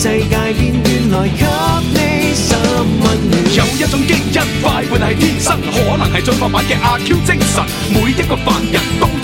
世界變變來給你十萬年， 有一種基因快活係天生，可能係進化版嘅阿 Q 精神，每一個凡人都。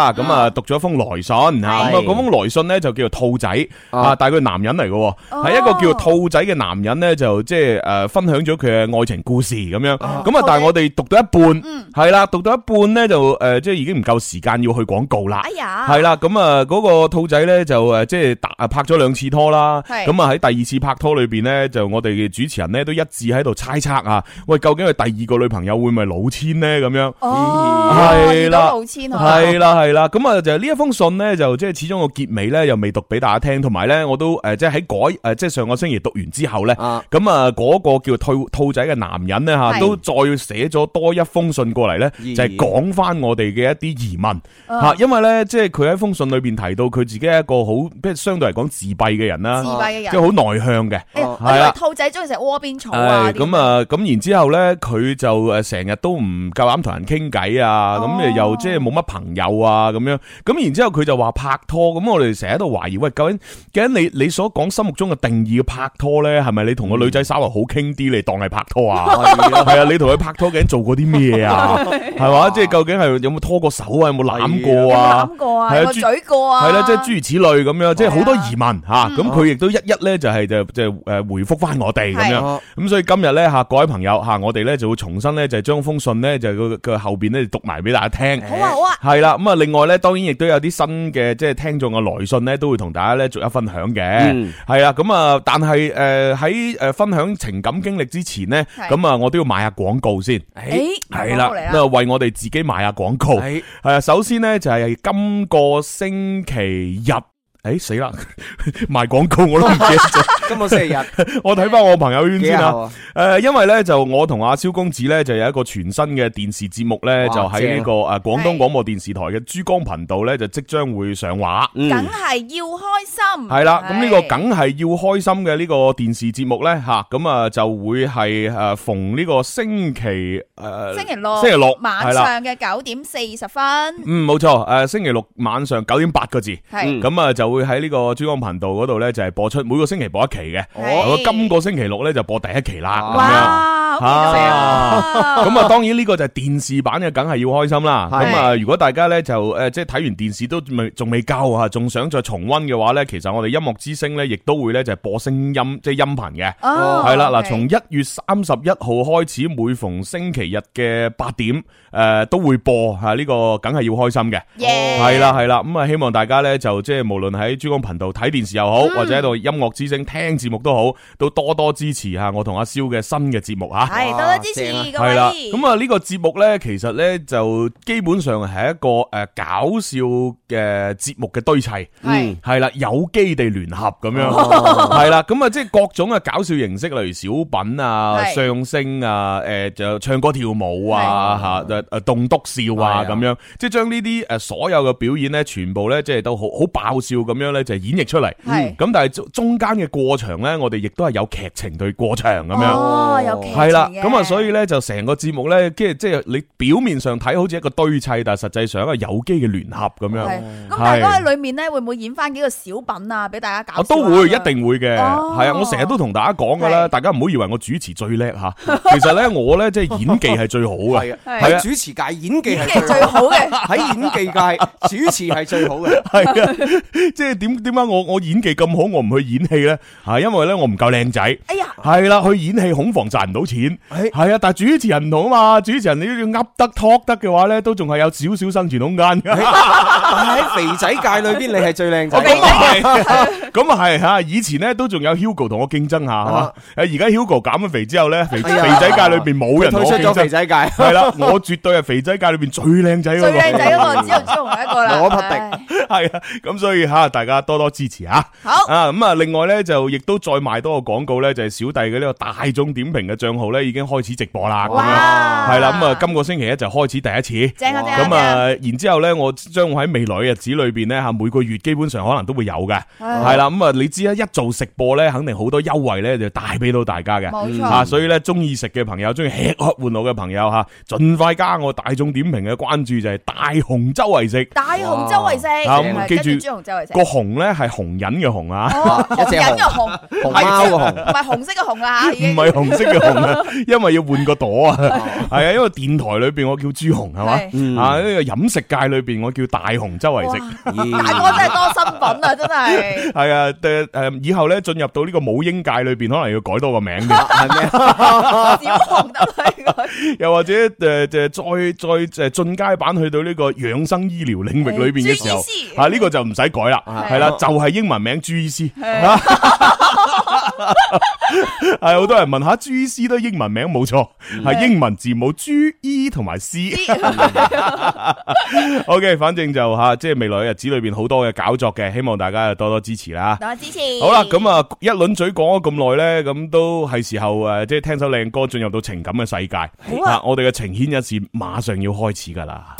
啊，咁啊讀咗封來信吓，咁啊嗰封來信咧就叫做兔仔啊，但係佢男人嚟嘅，係一個叫兔仔嘅男人咧就即係誒分享咗佢嘅愛情故事咁樣，咁啊但係我哋讀到一半，係啦，讀到一半咧就誒即係已經唔夠時間要去廣告啦，哎呀，係啦，咁啊嗰個兔仔咧就誒即係拍啊拍咗兩次拖啦，咁啊喺第二次拍拖裏邊咧就我哋嘅主持人咧都一致喺度猜測啊，喂，究竟佢第二個女朋友會唔會老千咧咁樣，係啦，係啦，係。係啦，咁啊、那個、就呢、是、一封信咧，就即係始終個結尾咧又未讀俾大家聽，同埋咧我都誒即係喺改誒即係上個星期讀完之後咧，咁啊嗰個叫兔兔仔嘅男人咧吓都再寫咗多一封信過嚟咧，就係講翻我哋嘅一啲疑問吓，啊、因為咧即係佢喺封信裏邊提到佢自己係一個好即係相對嚟講自閉嘅人啦，即係好內向嘅，係啊，兔仔中意食窩邊草咁啊，咁然之後咧佢就誒成日都唔夠膽同人傾偈啊，咁、哦、又即係冇乜朋友啊。啊咁樣，咁然之後佢就話拍拖，咁我哋成日喺度懷疑，喂究竟竟你你所講心目中嘅定義嘅拍拖咧，係咪你同個女仔稍微好傾啲嚟當係拍拖啊？係 啊，你同佢拍拖、啊、 究竟做過啲咩啊？係嘛，即係究竟係有冇拖過手啊？有冇攬過啊？攬過、 嗯嗯、啊？有冇嘴過啊？係啦，即係諸如此類咁樣，即係好多疑問吓。咁佢亦都一一咧就係就就誒回覆翻我哋咁、啊、樣。咁所以今日咧吓，各位朋友吓，我哋咧就會重新咧就將封信咧就係佢後邊咧讀埋俾大家聽。 好啊，好啊。係啦、啊，咁啊另。另外咧，當然亦都有啲新嘅，即係聽眾嘅來信咧，都會同大家咧逐一分享嘅。係啦，咁啊，但係誒喺誒分享情感經歷之前呢，咁啊的，我都要買下廣告先。誒、欸，係啦的，都係為我哋自己買下廣告。係啊的，首先呢，就係今個星期日。誒，死啦！賣廣告我都唔記得咗。今日四日，我睇翻，我朋友圈先啦。誒，因為咧就我同阿蕭公子咧就有一個全新嘅電視節目咧，就喺呢個誒廣東廣播電視台嘅珠江頻道咧就即將會上畫。梗係要開心。係啦，咁呢個梗係要開心嘅呢個電視節目咧吓，咁啊就會係誒逢呢個星期誒星期六星期六晚上嘅九點四十分。嗯，冇錯。誒，星期六晚上九點八個字。係咁啊就。會喺呢個珠江頻道嗰度呢，就係播出，每個星期播一期嘅。今個星期六呢，就播第一期啦。咁啊，當然呢個就係電視版嘅，梗係要開心啦。咁啊，如果大家呢，就誒，即係睇完電視都未仲未夠啊，仲想再重溫嘅話呢，其實我哋音樂之聲呢，亦都會呢，就係播聲音，即係音頻嘅。係啦，嗱，從一月三十一號開始，每逢星期日嘅八點，誒、呃，都會播吓呢、這個，梗係要開心嘅。係啦、yeah，係啦，咁啊，希望大家呢，就即係無論喺珠江頻道睇電視又好，或者喺度音樂之聲聽節目都好，都多多支持下我同阿蕭嘅新嘅節目吓，係、啊、哇多多支持係啦。咁、嗯、啊呢、呢個節目咧，其實咧就基本上係一個誒、呃、搞笑嘅節目嘅堆砌，是嗯係啦有機地聯合咁樣，係啦。咁啊即係各種嘅搞笑形式，例如小品啊、相聲的啊、誒、呃、就唱歌跳舞啊吓，誒誒棟篤笑啊咁樣，即係將呢啲誒所有嘅表演咧，全部咧即係都好好爆笑。咁樣咧就演繹出嚟，咁但係中中間嘅過場咧，我哋亦都係有劇情對過場咁樣，係啦，咁啊，所以咧就成個節目咧，即係即係你表面上睇好似一個堆砌，但係實際上一個有機嘅聯合咁樣。咁大家喺裏面咧會唔會演翻幾個小品啊？俾大家搞，都會，一定會嘅，係啊，我成日都同大家講噶啦，大家唔好以為我主持最叻吓，其實咧我咧即係演技係最好嘅，係啊，主持界演技係最好嘅，喺演技界主持係最好嘅，係啊。即係點點解我我演技咁好我唔去演戲咧？係因為咧我唔夠靚仔。哎呀，係啦，去演戲恐防賺唔到錢。係啊，但係主持人唔同啊嘛。主持人你都要噏得 talk 得嘅話咧，都仲係有少少生存空間。但係喺肥仔界裏邊，你係最靚仔。咁啊係，咁啊係吓。以前咧都仲有 Hugo 同我競爭下，係嘛。誒而家 Hugo 減咗肥之後咧，肥肥仔界裏邊冇人同我競爭。退出咗肥仔界。係啦，我絕對係肥仔界裏邊最靚仔。最靚仔一個，之後只紅一個啦。我確定。係啊，咁所以吓，大家多多支持啊！好啊，咁啊，另外咧就亦都再賣多個廣告咧，就係小弟嘅呢個大眾點評嘅賬號咧，已經開始直播啦。哇！係啦，咁啊，今個星期一就開始第一次，咁啊，然之後咧，我將會喺未來嘅日子裏邊咧吓，每個月基本上可能都會有嘅。係啦，咁啊，你知啦，一做食播咧，肯定好多優惠咧，就帶俾到大家嘅。冇錯啊，所以咧，中意食嘅朋友，中意吃喝玩樂嘅朋友吓，盡快加我大眾點評嘅關注，就係大紅周圍食，大紅周圍食。啊，記住朱紅周圍食，個紅咧係紅人嘅紅啊，紅人嘅紅，熊貓嘅紅，唔係紅色嘅紅啊，唔係紅色嘅紅啊，因為要換個朵啊，係啊，因為電台裏邊我叫朱紅係嘛，啊呢個飲食界裏邊我叫大紅周圍食，大哥真係多新品啊，真係，係啊，誒誒，以後咧進入到呢個母嬰界裏邊，可能要改多個名嘅，係咩？啊？朱紅都係，又或者誒誒，再再誒進階版去到呢個養生醫療領域裏邊嘅時候。啊！呢個就唔使改啦，係啦，就係英文名 g e c 係，好多人問下 g e c 都英文名冇錯，係英文字母 g e 同埋 C。OK，反正就吓，即係未來日子裏邊好多嘅搞作嘅，希望大家多多支持啦。多支持。好啦，咁啊，一輪嘴講咗咁耐咧，咁都係時候誒，即係聽首靚歌進入到情感嘅世界。啊。我哋嘅情牽一事馬上要開始噶啦。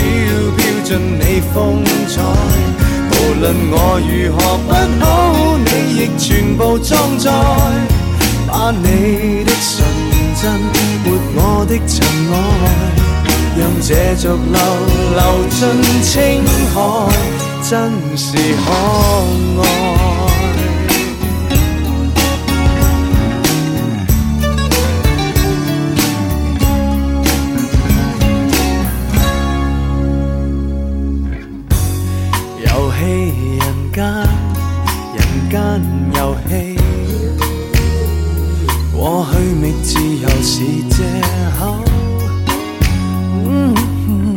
飄飄進你風采，無論我如何不好，你亦全部裝載。把你的純真，抹我的塵埃，讓這濁流流進青海，真是可愛。人間，人間遊戲。過去覓自由是借口、嗯嗯嗯，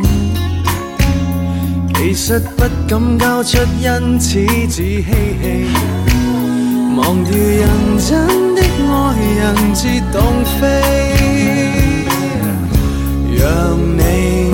其實不敢交出，因此只嬉戲。忘掉人真的愛人，自動飛，讓你。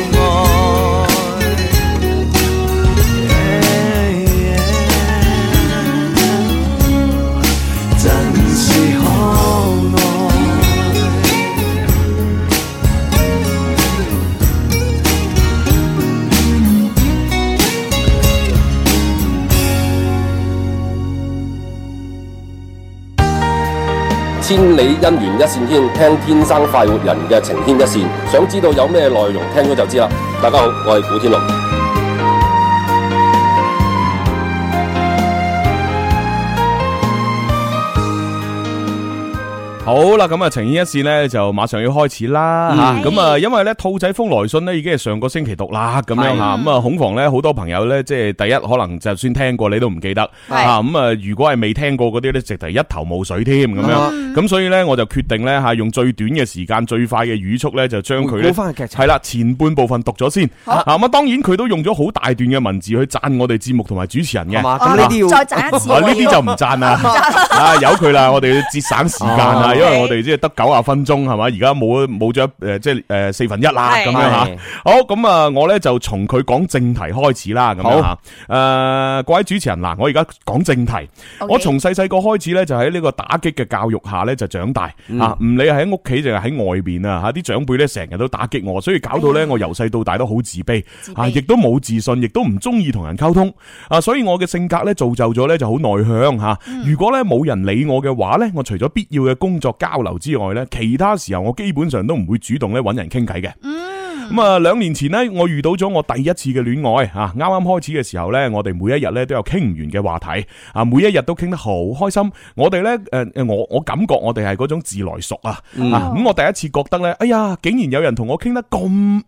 你姻緣一線牽，聽天生快活人嘅情牽一線，想知道有咩內容，聽咗就知啦。大家好，我係古天樂。好啦，咁啊，晴天一線呢，就馬上要開始啦。咁啊，因為咧兔仔封來信呢已經係上個星期讀啦，咁樣嚇。咁啊，恐防咧好多朋友咧即係第一可能就算聽過你都唔記得嚇。咁啊，如果係未聽過嗰啲咧，直頭一頭霧水添咁樣。咁所以咧，我就決定咧嚇用最短嘅時間、最快嘅語速咧就將佢咧。翻嘅劇情係啦，前半部分讀咗先。嗱咁啊，當然佢都用咗好大段嘅文字去贊我哋節目同埋主持人嘅。咁呢啲要再贊一次。我呢啲就唔贊啦。啊，由佢啦，我哋要節省時間啊。因為我哋即係得九十分鐘係嘛，而家冇冇咗誒，即係誒四分一啦咁樣吓。的好咁啊、嗯，我咧就從佢講正題開始啦咁樣吓。誒好、呃，各位主持人嗱，我而家講正題。Okay 我從細細個開始咧，就喺呢個打擊嘅教育下咧，就長大、嗯、就啊。唔理係喺屋企定係喺外邊啊吓，啲長輩咧成日都打擊我，所以搞到咧我由細到大都好自卑啊，亦都冇自信，亦都唔中意同人溝通啊。所以我嘅性格咧造就咗咧就好內向吓、啊。如果咧冇人理我嘅話咧，我除咗必要嘅工作。交流之外咧，其他時候我基本上都唔會主動咧揾人傾偈嘅。咁啊，兩、嗯、年前呢，我遇到咗我第一次嘅戀愛啊！啱啱開始嘅時候呢，我哋每一日咧都有傾唔完嘅話題啊，每一日都傾得好開心。我哋呢，誒、呃、我我感覺我哋係嗰種自來熟啊！啊，咁、嗯嗯啊、我第一次覺得呢，哎呀，竟然有人同我傾得咁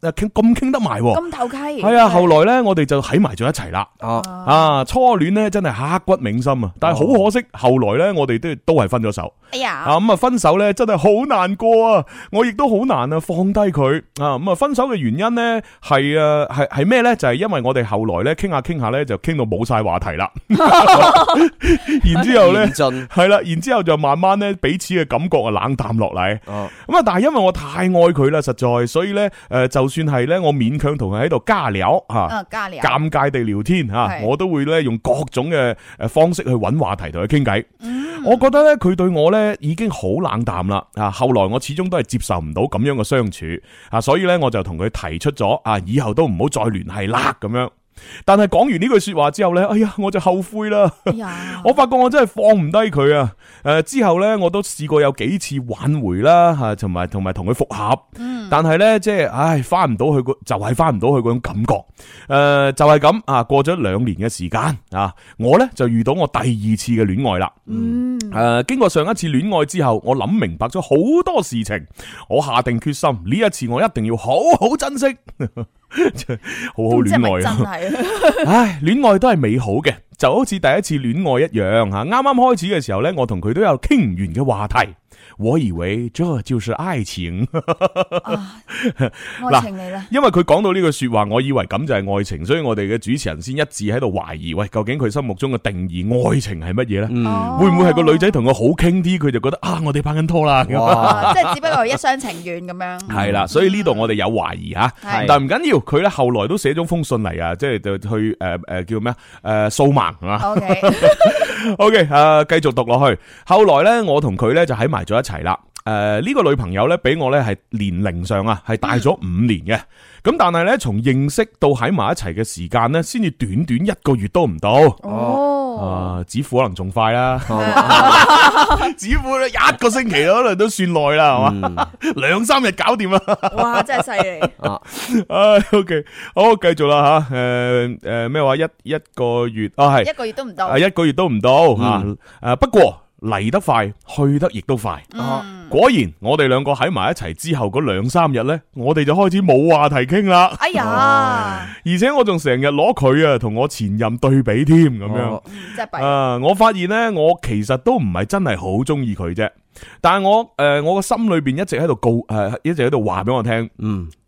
傾咁傾得埋，咁投契。係啊、哎，後來呢，我哋就喺埋咗一齊啦。啊啊，初戀呢，真係刻骨銘心啊！但係好可惜，後來呢，我哋都都係分咗手。哎、啊、呀，咁、嗯、啊，分手呢，真係好難過啊！我亦都好難啊放低佢啊！咁啊，分手。嘅原因呢係啊，係係咩呢？就係、是、因為我哋後來咧，傾下傾下咧，就傾到冇晒話題啦。然之後咧，係啦，然之後就慢慢咧，彼此嘅感覺啊，冷淡落嚟。咁啊、哦，但係因為我太愛佢啦，實在，所以咧，誒，就算係咧，我勉強同佢喺度加聊吓，尷、啊、尬地聊天吓，是我都會咧用各種嘅誒方式去揾話題同佢傾偈。嗯、我覺得咧，佢對我咧已經好冷淡啦。啊，後來我始終都係接受唔到咁樣嘅相處啊，所以咧，我就同。同佢提出咗啊，以後都唔好再聯繫啦，咁樣。但係講完呢句說話之後呢，哎呀，我就後悔啦。哎、呦 我發覺我真係放唔低佢啊。誒、呃，之後呢，我都試過有幾次挽回啦，吓、啊，同埋同埋同佢復合。但係呢，即係，唉，翻唔到佢，就係翻唔到佢嗰種感覺。誒、呃，就係、是、咁啊。過咗兩年嘅時間啊，我呢就遇到我第二次嘅戀愛啦。嗯。誒、嗯呃，經過上一次戀愛之後，我諗明白咗好多事情，我下定決心呢一次我一定要好好珍惜。 好好戀愛啊！ 唉，戀愛都係美好嘅。就好似第一次戀愛一樣吓，啱啱開始嘅時候呢，我同佢都有傾唔完嘅話題，我以為呢個就，就是愛情。嗱、哎，情嚟啦，因為佢講到呢句說話，我以為咁就係愛情，所以我哋嘅主持人先一致喺度懷疑，喂，究竟佢心目中嘅定義愛情係乜嘢呢？哦、會唔會係個女仔同佢好傾啲，佢就覺得啊，我哋拍緊拖啦，即係只不過一廂情願咁樣。係啦，所以呢度我哋有懷疑吓，但係唔緊要，佢咧、anyway，後來都寫咗封信嚟啊，即係就去誒誒叫咩誒，掃盲。係嘛，O K，O K，啊，繼續讀落去。後來咧，我同佢咧就喺埋咗一齊啦。誒，呢、呃呢個女朋友咧，俾我咧係年齡上啊，係大咗五年嘅。咁但係咧，從認識到喺埋一齊嘅時間咧，先至短短一個月都唔到。哦、呃，啊，子富可能仲快啦。子富咧一個星期可能都算耐啦，係嘛？兩三日搞掂啦。哇，真係犀利。啊，誒，OK，好，繼續啦吓。誒，誒，咩話一一個月啊？係一個月都唔到啊？一個月都唔到、嗯、啊？誒，不過。嚟得快，去得亦都快。嗯、果然，我哋兩個喺埋一齊之後嗰兩三日呢，我哋就開始冇話題傾啦。哎呀！ 而且我仲成日攞佢啊，同我前任對比添咁樣。啊、哦呃！我發現呢，我其實都唔係真係好中意佢啫。但係我誒、呃，我個心裏邊一直喺度告誒、呃，一直喺度話俾我聽。呃我啱啱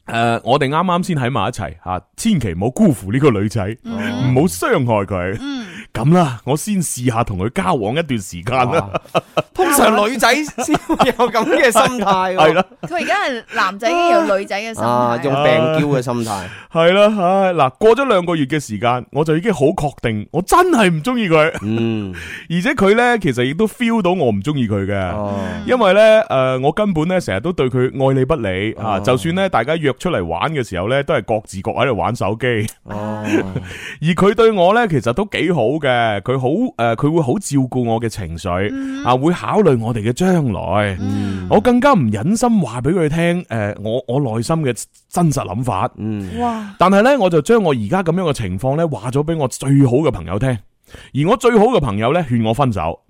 呃、嗯。誒，我哋啱啱先喺埋一齊吓，千祈唔好辜負呢個女仔，唔好傷害佢。嗯。咁啦，我先試下同佢交往一段時間啦、啊。 通常女仔先有咁嘅心態、啊，係啦、啊。佢而家係男仔已經有女仔嘅心態、啊啊，用病嬌嘅心態。係啦、啊，唉嗱、啊啊，過咗兩個月嘅時間，我就已經好確定，我真係唔中意佢。嗯，而且佢咧，其實亦都 feel 到我唔中意佢嘅，嗯、因為咧，誒，我根本咧成日都對佢愛理不理啊。嗯、就算咧大家約出嚟玩嘅時候咧，都係各自各喺度玩手機。哦、嗯，而佢對我咧，其實都幾好。嘅，佢好誒，佢、呃、會好照顧我嘅情緒、mm. 啊，會考慮我哋嘅將來。Mm. 我更加唔忍心話俾佢聽，誒、呃，我我內心嘅真實諗法。哇！Mm. 但係呢，我就將我而家咁樣嘅情況呢，話咗俾我最好嘅朋友聽，而我最好嘅朋友呢，勸我分手。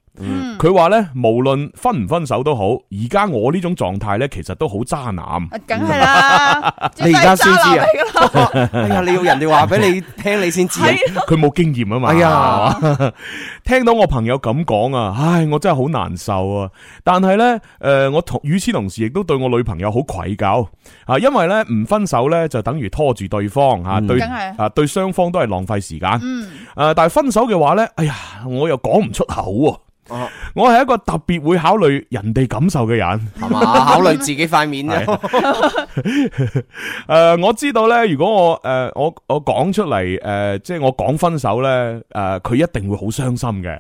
佢話咧，無論分唔分手都好，而家我呢種狀態咧，其實都好渣男啊。梗係啦， 你而家先知啊！ 哎呀，你要人哋話俾你 聽你，你先知。佢冇經驗啊嘛。哎呀， 聽到我朋友咁講啊，唉，我真係好難受啊。但係咧，誒，我同與此同時，亦都對我女朋友好愧疚啊，因為咧唔分手咧，就等於拖住對方吓，嗯、對吓，對雙方都係浪費時間。誒，但係分手嘅話咧，哎呀，我又講唔出口啊。我我係一個特別會考慮人哋感受嘅人，係嘛？考慮自己塊面啫。 是啊 誒，我知道咧，如果我誒，我我講出嚟，誒，即係我講分手咧，誒，佢一定會好傷心嘅。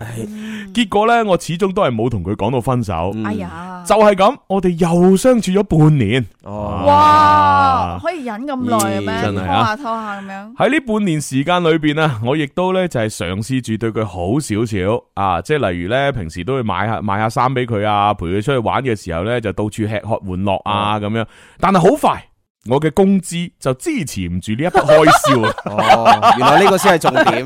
結果咧，我始終都係冇同佢講到分手。哎呀，就係咁，我哋又相處咗半年。哇，可以忍咁耐咩？拖下拖下咁樣。喺呢半年時間裏邊啊，我亦都咧就係嘗試住對佢好少少啊，即係例如咧，平時都會買下買下衫俾佢啊，陪佢出去玩嘅時候咧，就到處吃喝玩樂啊咁樣。但係好。我嘅工資就支持唔住呢一筆開銷 哦，原來呢個先係重點。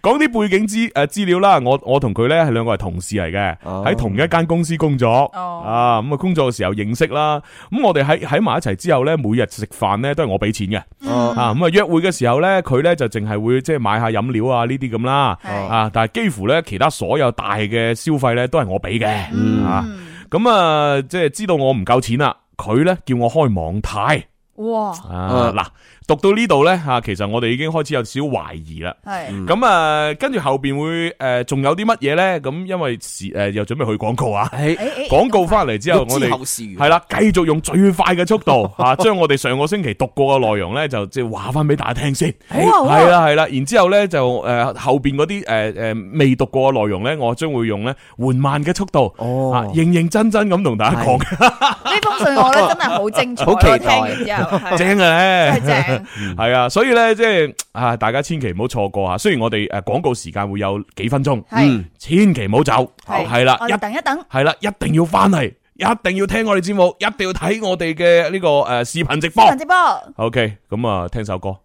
講啲 背景資誒資料啦，我我同佢咧係兩個係同事嚟嘅，喺、哦、同一間公司工作。啊咁、哦、啊，工作嘅時候認識啦。咁我哋喺喺埋一齊之後咧，每日食飯咧都係我俾錢嘅。啊咁、嗯、啊，約會嘅時候咧，佢咧就淨係會即係買下飲料啊呢啲咁啦。嗯、啊，但係幾乎咧其他所有大嘅消費咧都係我俾嘅。嗯嗯、啊，咁、嗯、啊，即係知道我唔夠錢啦。佢咧叫我開網台，哇！嗱、啊。啊啊讀到呢度咧，吓，其實我哋已經開始有少少懷疑啦。係咁啊，跟住後邊會誒，仲有啲乜嘢咧？咁因為是誒，又準備去廣告啊。係廣告翻嚟之後，我哋係啦，繼續用最快嘅速度吓，將我哋上個星期讀過嘅內容咧，就即係話翻俾大家聽先。係啦係啦，然之後咧就誒後邊嗰啲誒誒未讀過嘅內容咧，我將會用咧緩慢嘅速度哦，認認真真咁同大家講。呢封信我咧真係好精彩，我聽完之後係正咧。係啊、嗯， 所以咧即係啊，大家千祈唔好錯過啊。雖然我哋誒廣告時間會有幾分鐘是、嗯，千祈唔好走係啦，一的、哦、等一等係啦，一定要翻嚟，一定要聽我哋節目，一定要睇我哋嘅呢個誒、呃、視頻直播。視頻直播，OK，咁、嗯、啊聽首歌。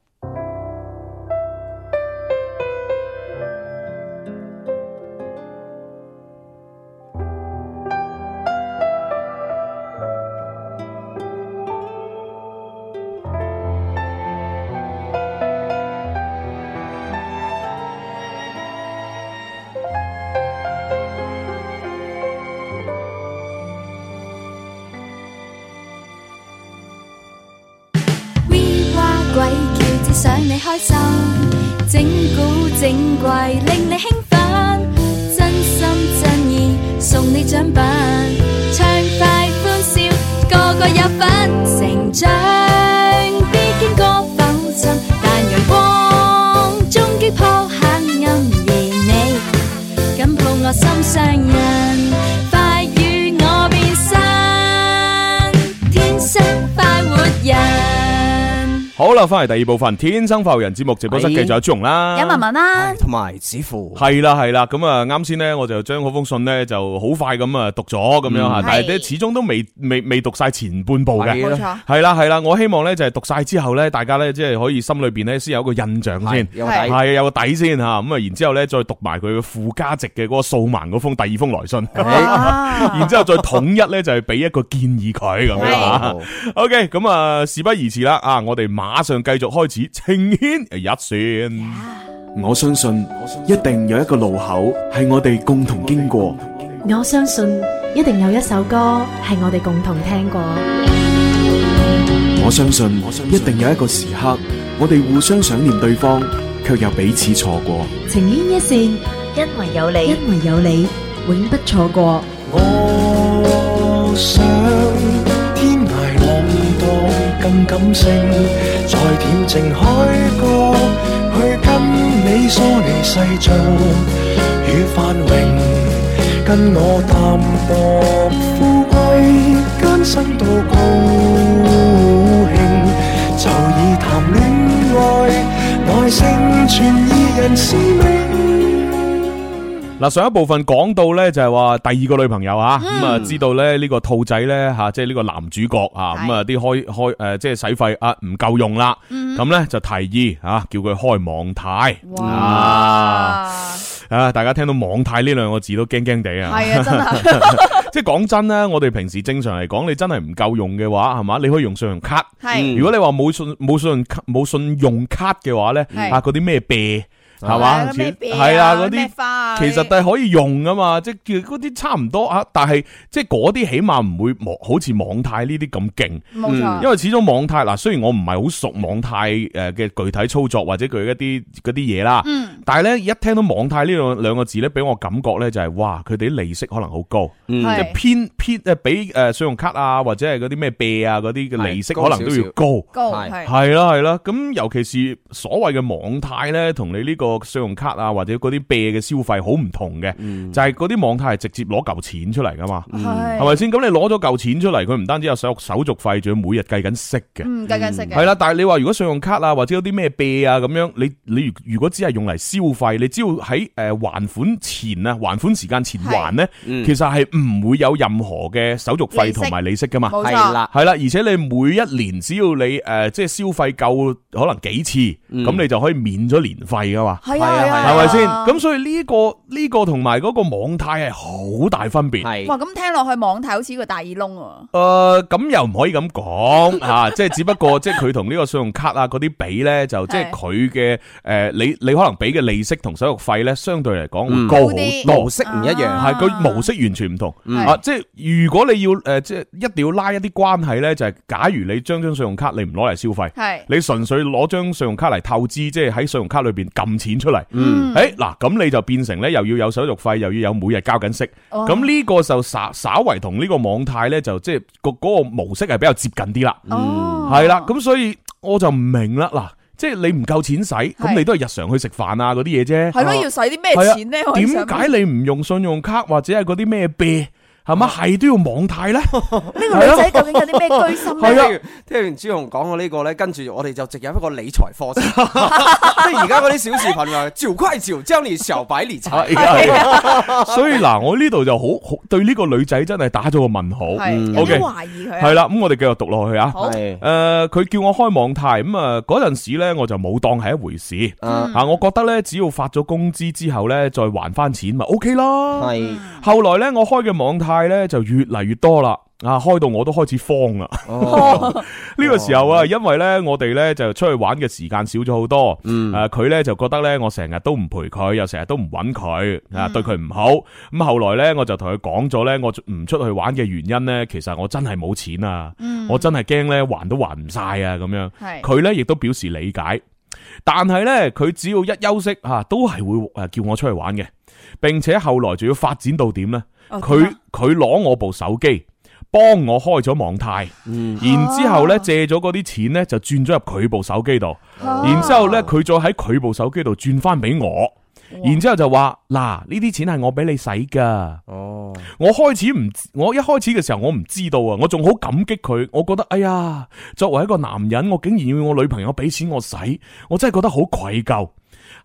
翻嚟第二部分《天生浮人》節目直播室，繼、哎、續有朱紅啦，有文文、啊哎、有啦，同埋子富。係啦係啦，咁啊，啱先咧，我就將嗰封信咧就好快咁啊讀咗咁樣吓，嗯、但係都始終都未未未讀晒前半部嘅。係的的啦係啦，我希望咧就係讀晒之後咧，大家咧即係可以心裏邊咧先有個印象先，係有，有個底先吓。咁啊，然之後咧再讀埋佢嘅附加值嘅嗰個數萬嗰封第二封來信，哎、呀 然之後再統一咧就係俾一個建議佢咁啊。O K，咁啊，事不宜遲啦，啊，我哋馬上。繼續開始情牽一線，Yeah. 我相信一定有一個路口係我哋共同經過。我相信一定有一首歌係我哋共同聽過。 我相信一定有一個時刻，我哋互相想念對方，卻又彼此錯過。情牽一線，因為有你，因為有你，永不錯過。 我想天涯浪蕩更感性。再恬靜海角，去跟你梳理世俗與繁榮，跟我淡薄富貴艱辛都高興，就以談戀愛，耐性全二人使命。嗱，上一部分講到咧，就係話第二個女朋友啊，咁啊知道咧呢個兔仔咧吓，即係呢個男主角啊，咁啊啲開開誒即係使費啊唔夠用啦，咁咧、嗯、哼 就提議啊叫佢開網貸，哇 啊，啊大家聽到網貸呢兩個字都驚驚地啊，係啊真係，即係講真咧， 我哋平時正常嚟講，你真係唔夠用嘅話係嘛，你可以用信用卡，係，是的 嗯、如果你話冇信冇信用卡冇信用卡嘅話咧，啊嗰啲咩？係嘛？係啊，嗰啲其實係可以用噶嘛，即係嗰啲差唔多啊。但係即係嗰啲起碼唔會網好似網貸呢啲咁勁，冇錯。因為始終網貸嗱，雖然我唔係好熟網貸誒嘅具體操作或者佢一啲嗰啲嘢啦，嗯，但係咧一聽到網貸呢兩兩個字咧，俾我感覺咧就係哇，佢哋啲利息可能好高，即係偏偏誒俾誒信用卡啊或者係嗰啲咩幣啊嗰啲嘅利息可能都要高，高係係啦係啦，咁尤其是所謂嘅網貸咧，同你呢個。信用卡啊，或者嗰啲借嘅消費好唔同嘅，嗯、就係嗰啲網貸係直接攞嚿錢出嚟噶嘛，係咪先？咁你攞咗嚿錢出嚟，佢唔單止有手手續費，仲要每日計緊息嘅，計緊息嘅係啦。但係你話如果信用卡啊，或者有啲咩借啊咁樣，你你如果只係用嚟消費，你只要喺誒、呃、還款前啊還款時間前還咧，的嗯、其實係唔會有任何嘅手續費同埋利息噶嘛，係啦，係啦的的。而且你每一年只要你誒、呃、即係消費夠可能幾次，咁、嗯、你就可以免咗年費噶嘛。係啊，係咪、啊啊啊啊啊、先？咁所以呢、呢個呢、呢個同埋嗰個網貸係好大分別、啊。哇！咁、嗯、聽落去網貸好似個大耳窿啊。誒、呃，咁又唔可以咁講吓，即係只不過即係佢同呢個信用卡啊嗰啲比咧，就即係佢嘅誒，你你可能俾嘅利息同手續費咧，相對嚟講會高好多，模式唔一樣，係佢、啊、模式完全唔同、嗯、啊！即係如果你要誒、呃，即係一定要拉一啲關係咧，就係、是、假如你張張信用卡是你唔攞嚟消費，你純粹攞張信用卡嚟透支，即係喺信用卡裏邊撳錢。錢出嚟，誒、嗯、嗱、欸，咁你就變成咧，又要有手續費，又要有每日交緊息，咁呢、哦、個就稍稍為同呢個網貸咧，就即係個嗰個模式係比較接近啲啦，係啦、哦，咁所以我就唔明啦，嗱，即係你唔夠錢使，咁你都係日常去食飯啊嗰啲嘢啫，係咯，的吧要使啲咩錢咧？點解的想你唔用信用卡或者係嗰啲咩？係咪係都要網貸咧？呢個女仔究竟有啲咩居心咧？係啊，聽完朱紅講咗呢個咧，跟住我哋就直入一個理財課程。即係而家嗰啲小視頻啊，趙會計教你小白理財。所以嗱，我呢度就好好對呢個女仔真係打咗個問號。我好懷疑佢係啦。咁我哋繼續讀落去啊。好誒，佢叫我開網貸咁啊，嗰陣時咧我就冇當係一回事啊。我覺得咧只要發咗工資之後咧再還翻錢咪 OK 咯。係後來咧我開嘅網貸。快咧就越嚟越多啦！啊，開到我都開始慌啦。呢、哦、 個時候啊，哦、因為咧我哋咧就出去玩嘅時間少咗好多。嗯，誒，佢咧就覺得咧我成日都唔陪佢，又成日都唔搵佢，啊，對佢唔好。咁、嗯、後來咧，我就同佢講咗咧，我唔出去玩嘅原因咧，其實我真係冇錢啊，嗯、我真係驚咧還都還唔晒啊，咁樣。係佢咧亦都表示理解。但係呢，佢只要一休息吓，啊，都係會誒，叫我出去玩嘅，並且後來仲要發展到點呢？佢佢攞我部手機幫我開咗網貸，啊，然之後咧借咗嗰啲錢呢，就轉咗入佢部手機度，然之後咧佢再喺佢部手機度轉翻俾我。然之後就話，嗱，呢啲錢係我俾你使噶，哦、我開始唔我一開始嘅時候我唔知道啊，我仲好感激佢，我覺得哎呀，作為一個男人，我竟然要我女朋友俾錢我使，我真係覺得好愧疚。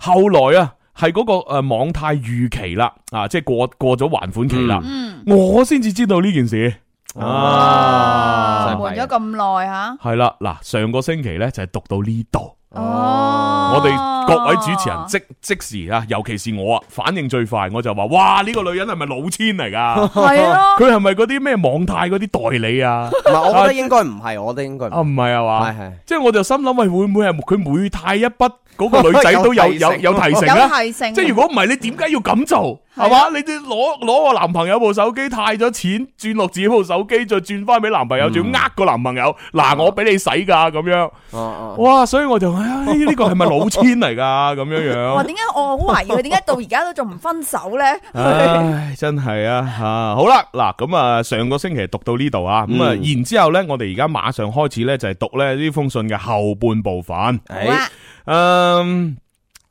後來啊，係嗰、嗰個誒網貸逾期啦，啊即係過過咗還款期啦，嗯、我先至知道呢件事哇哇啊，瞞咗咁耐吓，係啦嗱，上個星期咧就係讀到呢度。哦，啊、我哋各位主持人即即時啊，尤其是我啊，反應最快，我就話：「哇，呢、這個女人係咪老千嚟噶？係啊，佢係咪嗰啲咩網貸嗰啲代理啊？嗱， 我覺得應該唔係， 我覺得應該啊，唔係啊。」嘛，係係，即係我就心諗喂，會唔會係佢每貸一筆嗰個女仔都有有 有提成？有提成，即係如果唔係，你點解要咁做？係嘛？你啲攞攞我男朋友部手機貸咗錢，轉落自己部手機，再轉翻俾男朋友，仲要呃個男朋友？嗱、嗯，我俾你使噶咁樣。哦哦、啊。哇！所以我就，呢、哎、呢、呢個係咪老千嚟噶？咁樣樣。哇！點解我好懷疑佢？點解到而家都仲唔分手咧 ？真係啊！吓、啊，好啦，嗱，咁啊，上個星期讀到呢度啊，咁、嗯、啊，然之後咧，我哋而家馬上開始咧，就係讀咧呢封信嘅後半部分。好啊。誒、嗯。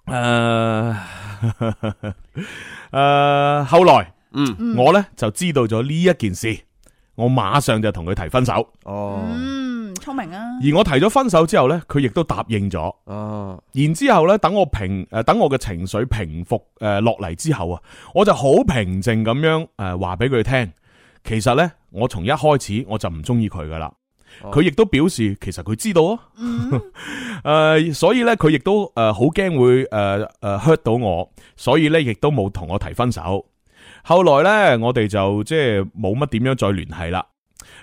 啊 誒、呃，後來嗯，我咧就知道咗呢一件事，嗯、我馬上就同佢提分手。哦，嗯、聰明啊！而我提咗分手之後咧，佢亦都答應咗。哦，然之後咧、呃，等我平誒，等我嘅情緒平復誒落嚟之後啊，我就好平靜咁樣誒話俾佢聽，其實咧，我從一開始我就唔中意佢噶啦。佢亦都表示，其實佢知道啊，誒、 呃，所以咧，佢亦都誒好驚會誒誒 hurt 到我，所以咧，亦都冇同我提分手。後來咧，我哋就即係冇乜點樣再聯繫啦。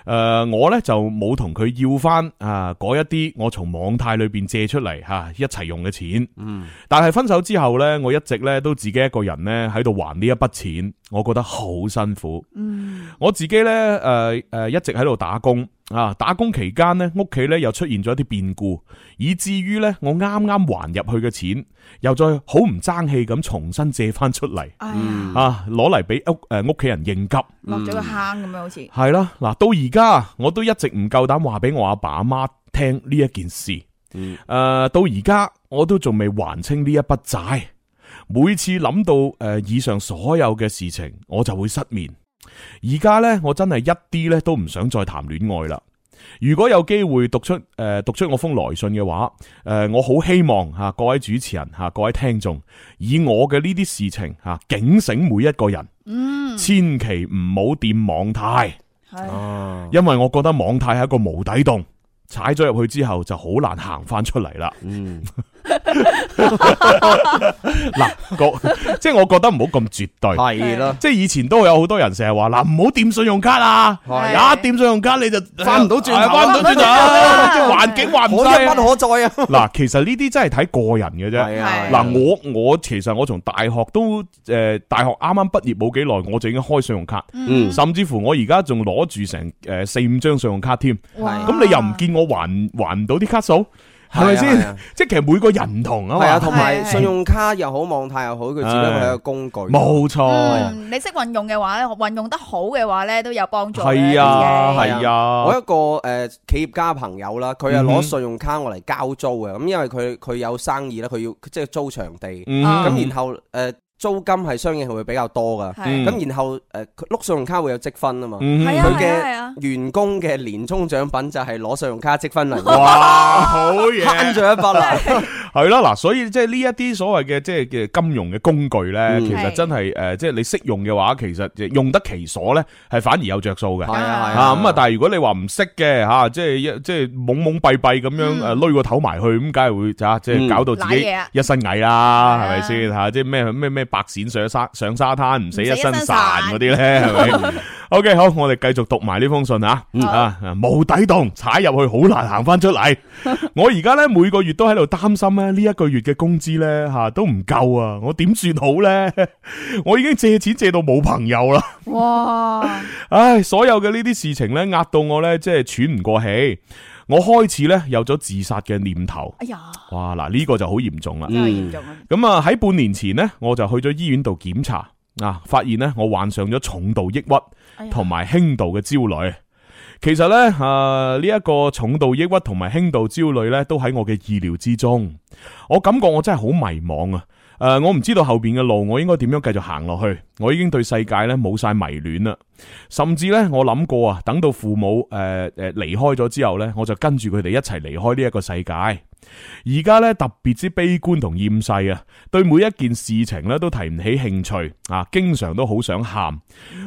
誒、呃，我咧就冇同佢要翻啊嗰一啲我從網貸裏邊借出嚟吓、啊、一齊用嘅錢。嗯，但係分手之後咧，我一直咧都自己一個人咧喺度還呢一筆錢。我覺得好辛苦，嗯、我自己咧誒誒一直喺度打工啊！打工期間呢，屋企咧又出現咗一啲變故，以至於咧我啱啱還入去嘅錢，又再好唔爭氣咁重新借翻出嚟啊！攞嚟俾屋誒屋企人應急，落咗個坑咁樣好似係、嗯、啦。嗱，到而家我都一直唔夠膽話俾我阿爸阿媽聽呢一件事，誒、嗯嗯，到而家我都仲未還清呢一筆債。每次諗到誒以上所有嘅事情，我就會失眠。而家呢，我真係一啲咧都唔想再談戀愛啦。如果有機會讀出誒、呃、讀出我封來信嘅話，誒、呃、我好希望吓、啊、各位主持人吓、啊、各位聽眾，以我嘅呢啲事情吓、啊、警醒每一個人，嗯、千祈唔好掂網貸，啊、因為我覺得網貸係一個無底洞，踩咗入去之後就好難行翻出嚟啦。嗯 嗱，即係我覺得唔好咁絕對，係咯。即係以前都有好多人成日話嗱，唔好掂信用卡啦，一掂信用卡你就翻唔到轉頭，翻唔到轉頭，環境還唔到一不可再啊。嗱，其實呢啲真係睇個人嘅啫。嗱，我我其實我從大學都誒，大學啱啱畢業冇幾耐，我就已經開信用卡，甚至乎我而家仲攞住成誒四五張信用卡添。咁你又唔見我還還唔到啲卡數？係咪先？即係其實每個人唔同啊嘛，同埋信用卡又好，網貸又好，佢只係一個工具。冇錯。你識運用嘅話咧，運用得好嘅話咧，都有幫助嘅。係啊，係啊。我一個誒企業家朋友啦，佢係攞信用卡我嚟交租嘅。咁因為佢佢有生意啦，佢要即係租場地。咁然後誒。租金係相應係會比較多噶，咁然後誒碌信用卡會有積分啊嘛，佢嘅員工嘅年終獎品就係攞信用卡積分啊，哇好嘢，慳咗一百零，係咯嗱，所以即係呢一啲所謂嘅即係嘅金融嘅工具咧，其實真係誒，即係你識用嘅話，其實用得其所咧，係反而有着數嘅，係啊，咁啊，但係如果你話唔識嘅吓，即係一即係懵懵閉閉咁樣誒，攞個頭埋去，咁梗係會咋，即係搞到自己一身蟻啦，係咪先吓？即係咩咩咩。白線上沙上沙灘唔死一身散嗰啲咧，係咪 ？OK，好，我哋繼續讀埋呢封信啊，啊，啊，無底洞踩入去好難行翻出嚟。 我而家咧每個月都喺度擔心咧，呢一個月嘅工資咧吓都唔夠啊！我點算好咧？ 我已經借錢借到冇朋友啦。 哇！唉，所有嘅呢啲事情咧壓到我咧，即係喘唔過氣。我開始咧有咗自殺嘅念頭，哎呀，哇，嗱呢個就好嚴重啦，咁啊喺半年前呢，我就去咗醫院度檢查啊，發現咧我患上咗重度抑鬱同埋輕度嘅焦慮。其實咧誒呢一個重度抑鬱同埋輕度焦慮咧都喺我嘅意料之中，我感覺我真係好迷茫啊。誒、呃，我唔知道後邊嘅路，我應該點樣繼續行落去？我已經對世界咧冇晒迷戀啦，甚至咧我諗過啊，等到父母誒誒離開咗之後咧，我就跟住佢哋一齊離開呢一個世界。而家咧特別之悲觀同厭世啊，對每一件事情咧都提唔起興趣啊，經常都好想喊，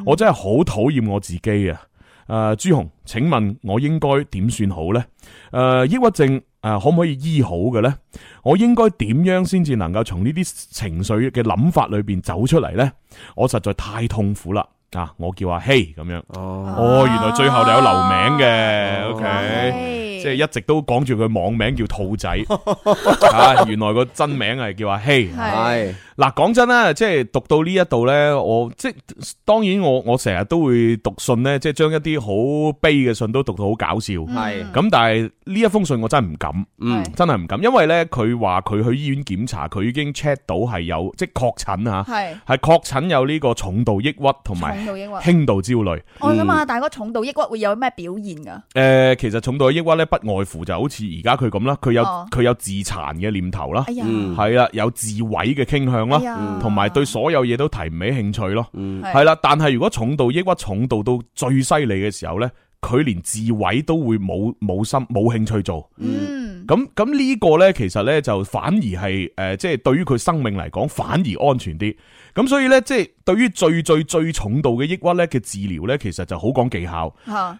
我真係好討厭我自己啊！誒、呃，朱紅，請問我應該點算好呢？誒、呃，抑鬱症。啊，可唔可以醫好嘅咧？我應該點樣先至能夠從呢啲情緒嘅諗法裏邊走出嚟咧？我實在太痛苦啦！啊，我叫阿希咁樣。哦，哦啊、原來最後有留名嘅，OK，即係一直都講住佢網名叫兔仔。 啊，原來個真名係叫阿希。係。嗱，講真啦，即係讀到呢一度咧，我即係當然我，我我成日都會讀信咧，即係將一啲好悲嘅信都讀到好搞笑。係咁、嗯，但係呢一封信我真係唔敢，是嗯，真係唔敢，因為咧佢話佢去醫院檢查，佢已經 check 到係有即係確診吓，係確診有呢個重度抑鬱同埋輕度焦慮。我諗下大哥，重度抑鬱會有咩表現噶？誒、嗯，其實重度抑鬱咧，不外乎就好似而家佢咁啦，佢有佢、哦、有，有自殘嘅念頭啦，哎、呦嗯，係啊，有自毀嘅傾向。同埋對所有嘢都提唔起興趣咯，係啦、嗯。但係如果重度抑鬱，重度到最犀利嘅時候呢，佢連自毀都會冇冇，心冇興趣做。嗯，咁咁呢個呢，其實呢就反而係誒，即係對於佢生命嚟講，反而安全啲。咁所以咧，即係對於最最最重度嘅抑鬱咧嘅治療咧，其實就好講技巧，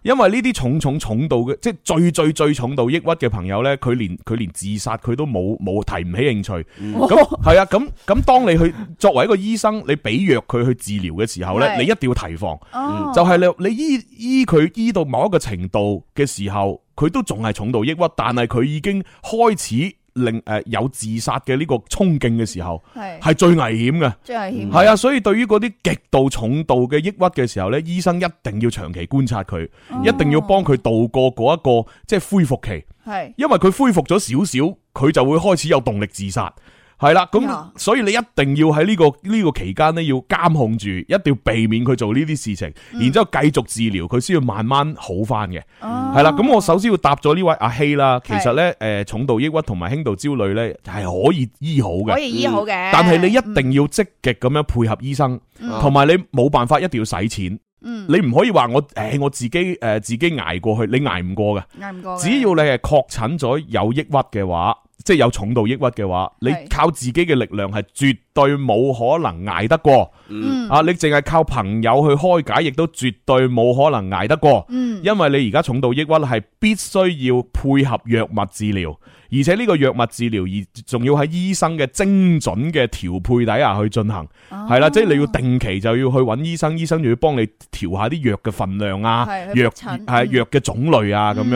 因為呢啲重重重度嘅，即係最最最重度抑鬱嘅朋友咧，佢連佢連自殺佢都冇冇提唔起興趣。咁係、嗯嗯、啊，咁咁當你去作為一個醫生，你俾藥佢去治療嘅時候咧，是你一定要提防，嗯、就係你你醫醫佢醫到某一個程度嘅時候，佢都仲係重度抑鬱，但係佢已經開始。令誒、呃、有自殺嘅呢個衝勁嘅時候，係是最危險嘅，最危險。係啊，所以對於嗰啲極度重度嘅抑鬱嘅時候呢，醫生一定要長期觀察佢，嗯、一定要幫佢度過嗰、那、一個即係、就是、恢復期，係是因為佢恢復咗少少，佢就會開始有動力自殺。係啦，咁所以你一定要喺呢個呢個期間呢，要監控住，一定要避免佢做呢啲事情，然之後繼續治療，佢先要慢慢好翻嘅。係啦，咁我首先要答咗呢位阿希啦。其實呢，誒，重度抑鬱同埋輕度焦慮呢，係可以醫好嘅，可以醫好嘅。但係你一定要積極咁樣配合醫生，同埋你冇辦法一定要使錢。嗯，你唔可以話我誒，我自己誒自己捱過去，你捱唔過嘅，捱唔過。只要你係確診咗有抑鬱嘅話。即係有重度抑鬱嘅話，你靠自己嘅力量係絕對冇可能捱得過。嗯，啊，你淨係靠朋友去開解，亦都絕對冇可能捱得過。因為你而家重度抑鬱係必須要配合藥物治療。而且呢個藥物治療而仲要喺醫生嘅精準嘅調配底下去進行，係啦、啊，即係、就是、你要定期就要去揾醫生，醫生就要幫你調下啲藥嘅份量啊，藥係藥嘅種類啊，咁、嗯、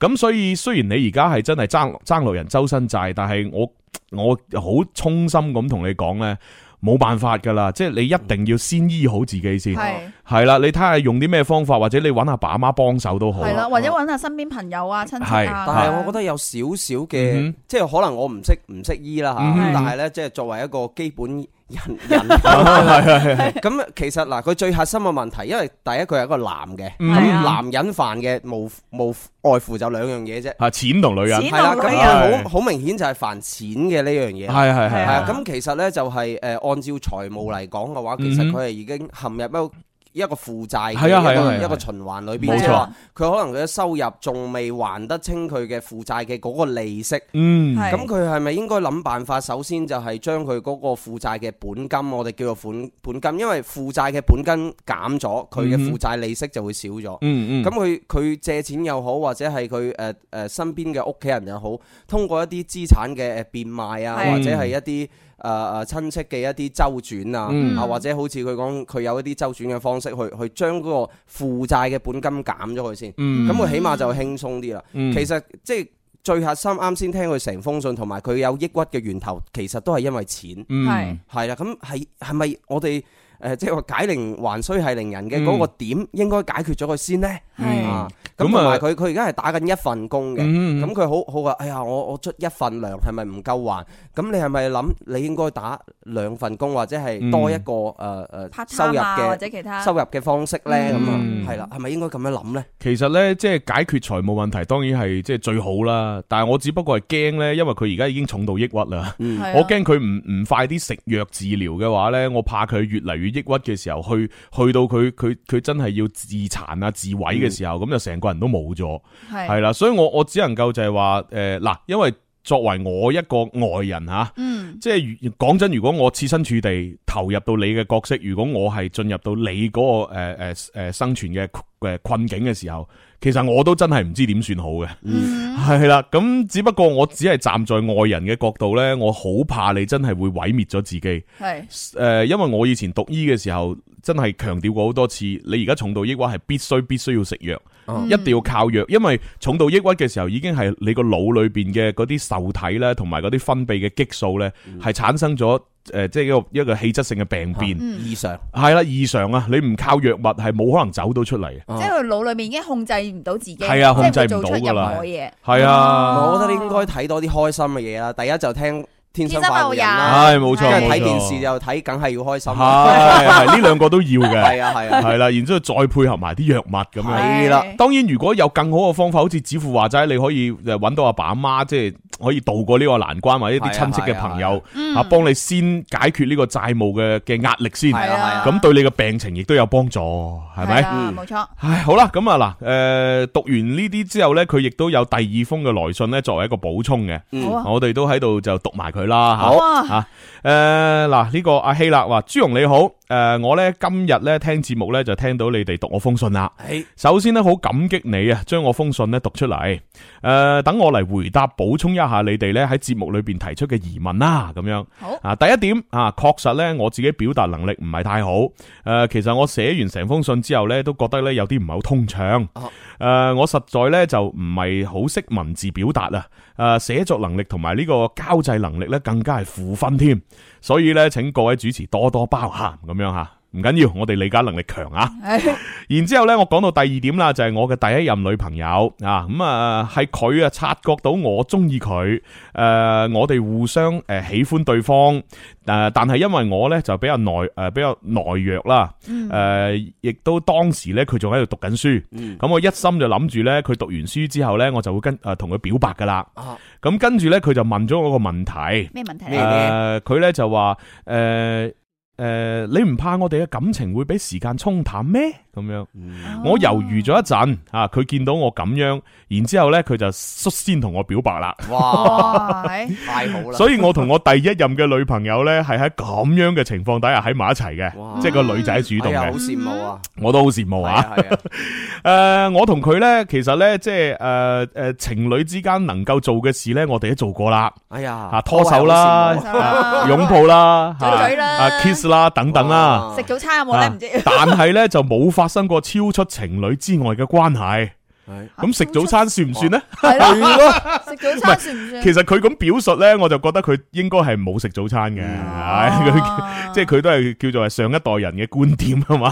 樣。咁所以雖然你而家係真係爭爭落人周身債，但係我我好衷心咁同你講呢。冇辦法噶啦，即係你一定要先醫好自己先，係啦是，你睇下用啲咩方法，或者你揾阿爸媽幫手都好，係啦，或者揾下身邊朋友啊親戚啊，的的但係我覺得有少少嘅，嗯、哼即係可能我唔識唔識醫啦吓，嗯、哼但係呢，即係作為一個基本。人人係啊係咁其實嗱，佢最核心嘅問題，因為第一佢係一個男嘅，咁、嗯、男人犯嘅冇冇外乎就兩樣嘢啫，啊錢同女人，係啦，咁好好明顯就係犯錢嘅呢樣嘢，係係係，咁其實咧就係誒按照財務嚟講嘅話，其實佢係已經陷入一。一個負債嘅一個循環裏邊，即係話佢可能佢嘅收入仲未還得清佢嘅負債嘅嗰個利息。嗯，咁佢係咪應該諗辦法？首先就係將佢嗰個負債嘅本金，我哋叫做本本金，因為負債嘅本金減咗，佢嘅負債利息就會少咗，嗯。嗯嗯，咁佢佢借錢又好，或者係佢誒誒身邊嘅屋企人又好，通過一啲資產嘅變賣啊，嗯，或者係一啲。誒誒，呃、親戚嘅一啲周轉啊，嗯、啊或者好似佢講，佢有一啲周轉嘅方式，去去將嗰個負債嘅本金減咗佢先，咁佢、嗯、起碼就輕鬆啲啦。嗯、其實即係最核心，啱先聽佢成封信，同埋佢有抑鬱嘅源頭，其實都係因為錢，係係啦，咁係係咪我哋誒，即係話解鈴還需係令人嘅嗰個點，應該解決咗佢先呢？係咁同埋佢佢而家係打緊一份工嘅，咁佢好好話：哎呀，我我出一份糧係咪唔夠還？咁你係咪諗你應該打兩份工，或者係多一個誒誒、嗯啊、收入嘅或者其他收入嘅方式呢？咁啊、嗯，係啦、嗯，係咪應該咁樣諗呢？其實呢，即係解決財務問題，當然係即係最好啦。但係我只不過係驚呢，因為佢而家已經重度抑鬱啦。嗯、 我驚佢唔唔快啲食藥治療嘅話呢，我怕佢越嚟越。抑鬱嘅時候，去去到佢佢佢真係要自殘啊、自毀嘅時候，咁、嗯、就成個人都冇咗，係啦是的。所以我我只能夠就係話，誒、呃、嗱，因為作為我一個外人吓，嗯，即係講真，如果我設身處地投入到你嘅角色，如果我係進入到你嗰那個誒誒誒生存嘅誒困境嘅時候。其實我都真係唔知點算好嘅，係啦、嗯。咁只不過我只係站在外人嘅角度呢。我好怕你真係會毀滅咗自己。係是、呃、因為我以前讀醫嘅時候，真係強調過好多次，你而家重度抑鬱係必須必須要食藥。嗯、一定要靠藥，因為重度抑鬱嘅時候，已經係你個腦裏邊嘅嗰啲受體咧，同埋嗰啲分泌嘅激素咧，係產生咗誒，即係一個一個器質性嘅病變，異常、嗯嗯、係啦，異常啊！你唔靠藥物係冇可能走到出嚟嘅，嗯、即係佢腦裏面已經控制唔到自己，係、嗯、啊，控制唔到任何嘢、嗯，係啊，嗯、我覺得你應該睇多啲開心嘅嘢啦。第一就聽。天生冇癥，係冇錯冇錯。睇電視又睇，梗係要開心。係呢兩個都要嘅，係啊係，係啦。然之後再配合埋啲藥物咁樣。係啦，當然如果有更好嘅方法，好似師傅話齋，你可以揾到阿爸阿媽，即係可以度過呢個難關，或者啲親戚嘅朋友啊，幫你先解決呢個債務嘅嘅壓力先。係啦係啦。咁對你嘅病情亦都有幫助，係咪？冇錯。唉，好啦，咁啊嗱，誒，讀完呢啲之後咧，佢亦都有第二封嘅來信咧，作為一個補充嘅。好啊。我哋都喺度就讀埋佢。啦吓吓，誒嗱，呢個阿希勒話：朱融你好。誒，我咧今日咧聽節目咧就聽到你哋讀我封信啦。係，首先咧好感激你啊，將我封信咧讀出嚟。誒，等我嚟回答補充一下你哋咧喺節目裏邊提出嘅疑問啦，咁樣。好，啊，第一點啊，確實咧我自己表達能力唔係太好。誒，其實我寫完成封信之後咧，都覺得咧有啲唔係好通暢。啊，誒，我實在咧就唔係好識文字表達啦。誒，寫作能力同埋呢個交際能力咧更加係負分添。所以咧，請各位主持多多包涵咁樣。樣吓，唔緊要，我哋理解能力強啊。 然之後咧，我講到第二點啦，就係、是、我嘅第一任女朋友啊。咁、嗯、啊，係佢啊察覺到我中意佢，誒、呃，我哋互相誒喜歡對方。誒、呃，但係因為我呢，就比較內誒、呃，比較懦弱啦。誒、呃，亦都當時呢，佢仲喺度讀緊書。咁、嗯、我一心就諗住呢，佢讀完書之後呢，我就會跟誒同佢表白噶啦。咁跟住呢，佢就問咗我個問題。咩問題呢？誒、呃，佢呢就話誒。呃誒、呃，你唔怕我哋嘅感情會俾時間沖淡咩？咁樣，嗯、我猶豫咗一陣，吓、啊、佢見到我咁樣，然之後咧，佢就率先同我表白啦。哇， 太好啦！所以，我同我第一任嘅女朋友咧，係喺咁樣嘅情況底下喺埋一齊嘅，哇即係個女仔主動嘅。好、嗯哎、羨慕啊！我都好羨慕啊！誒、啊啊 啊，我同佢咧，其實咧，即係誒誒，情侶之間能夠做嘅事咧，我哋都做過啦。哎呀，吓拖手啦，擁、啊、 抱啦，吓 啊 kiss 啦，等等啦，食早餐有冇咧？唔知，啊，但係咧 就冇發生過超出情侶之外嘅關係。咁 食早餐算唔算咧？食早餐算唔算？其實佢咁表述咧，我就覺得佢應該係冇食早餐嘅，即係佢都係叫做係上一代人嘅觀點啊嘛。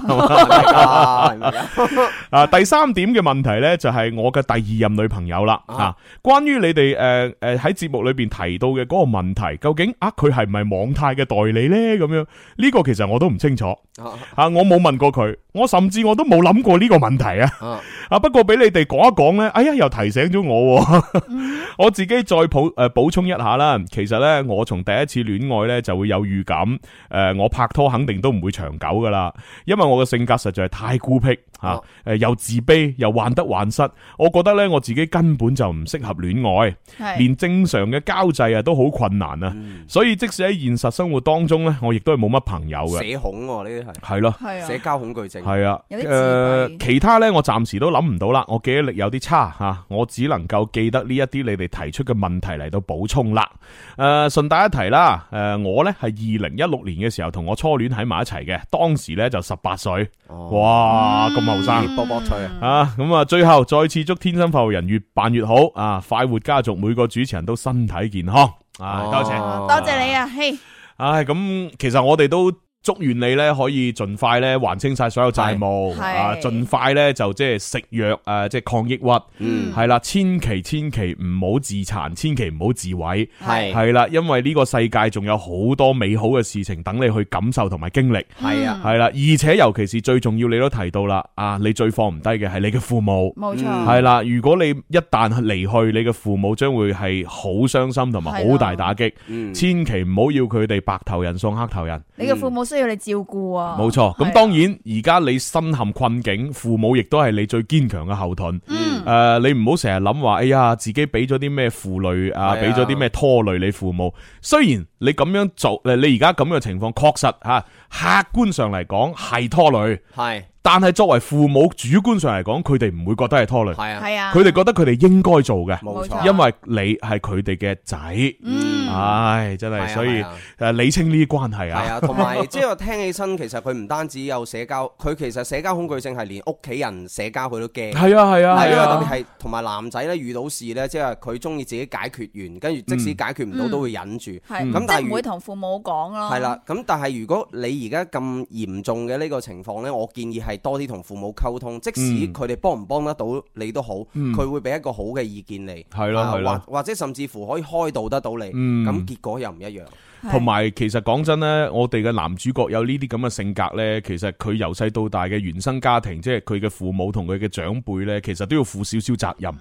啊， 啊，第三點嘅問題咧，就係我嘅第二任女朋友啦。啊，啊，關於你哋誒誒喺節目裏邊提到嘅嗰個問題，究竟啊佢係唔係網泰嘅代理咧？咁樣呢，呢個其實我都唔清楚，啊我冇問過佢。我甚至我都冇諗過呢個問題啊！啊，不過俾你哋講一講咧，哎呀，又提醒咗我、啊，嗯、 我自己再補誒補充一下啦。其實咧，我從第一次戀愛咧就會有預感，誒，我拍拖肯定都唔會長久噶啦，因為我嘅性格實在係太孤僻吓，誒又自卑又患得患失，我覺得咧我自己根本就唔適合戀愛，是 連正常嘅交際啊都好困難啊。嗯、所以即使喺現實生活當中咧，我亦都係冇乜朋友嘅、啊。社恐呢啲係係咯，係啊，社交恐懼症。係啊，誒、呃，其他呢，我暫時都諗唔到啦，我記憶力有啲差吓、啊，我只能夠記得呢一啲你哋提出嘅問題嚟到補充啦。誒、啊，順帶一提啦，誒、啊，我呢係二零一六年嘅時候同我初戀喺埋一齊嘅，當時呢就十八歲，哇，咁後生，多勃脆啊，咁啊，最後再次祝天生發育人越辦越好啊，快活家族每個主持人都身體健康、哦、啊，多謝多謝你啊，嘿，唉、啊，咁其實我哋都。祝願你咧可以盡快咧還清晒所有債務，啊，盡快咧就即係食藥誒，即係抗抑鬱，係啦、嗯，千祈千祈唔好自殘，千祈唔好自毀，係係啦，因為呢個世界仲有好多美好嘅事情等你去感受同埋經歷，係啊，係啦，而且尤其是最重要，你都提到啦，啊，你最放唔低嘅係你嘅父母，冇錯，係啦，如果你一旦離去，你嘅父母將會係好傷心同埋好大打擊，嗯、千祈唔好要佢哋白頭人送黑頭人，嗯、你嘅父母。需要你照顧啊！冇錯，咁當然，而家你身陷困境，父母亦都係你最堅強嘅後盾。嗯。誒，你唔好成日諗話，哎呀，自己俾咗啲咩負累啊，俾咗啲咩拖累你父母。雖然你咁樣做，誒，你而家咁嘅情況確實吓，客觀上嚟講係拖累，係。但係作為父母，主觀上嚟講，佢哋唔會覺得係拖累，係啊，係啊。佢哋覺得佢哋應該做嘅，冇錯。因為你係佢哋嘅仔，嗯，唉真係，所以誒理清呢啲關係啊，同埋即係我聽起身，其實佢唔單止有社交，佢其實社交恐懼症係連屋企人社交佢都驚，係啊，係啊，係啊。特別係同埋男仔咧，遇到事咧，即係佢中意自己解決完，跟住即使解決唔到，嗯、都會忍住。咁但係唔會同父母講咯。係啦，咁但係如果你而家咁嚴重嘅呢個情況咧，我建議係多啲同父母溝通，即使佢哋幫唔幫得到你都好，佢、嗯、會俾一個好嘅意見你。係咯，係咯，或者甚至乎可以開導得到你。咁、嗯、結果又唔一樣。同埋的其實講真咧，我哋嘅男主角有呢啲咁嘅性格咧，其實佢由細到大嘅原生家庭，即係佢嘅父母同佢嘅長輩咧，其實都要有少少責任，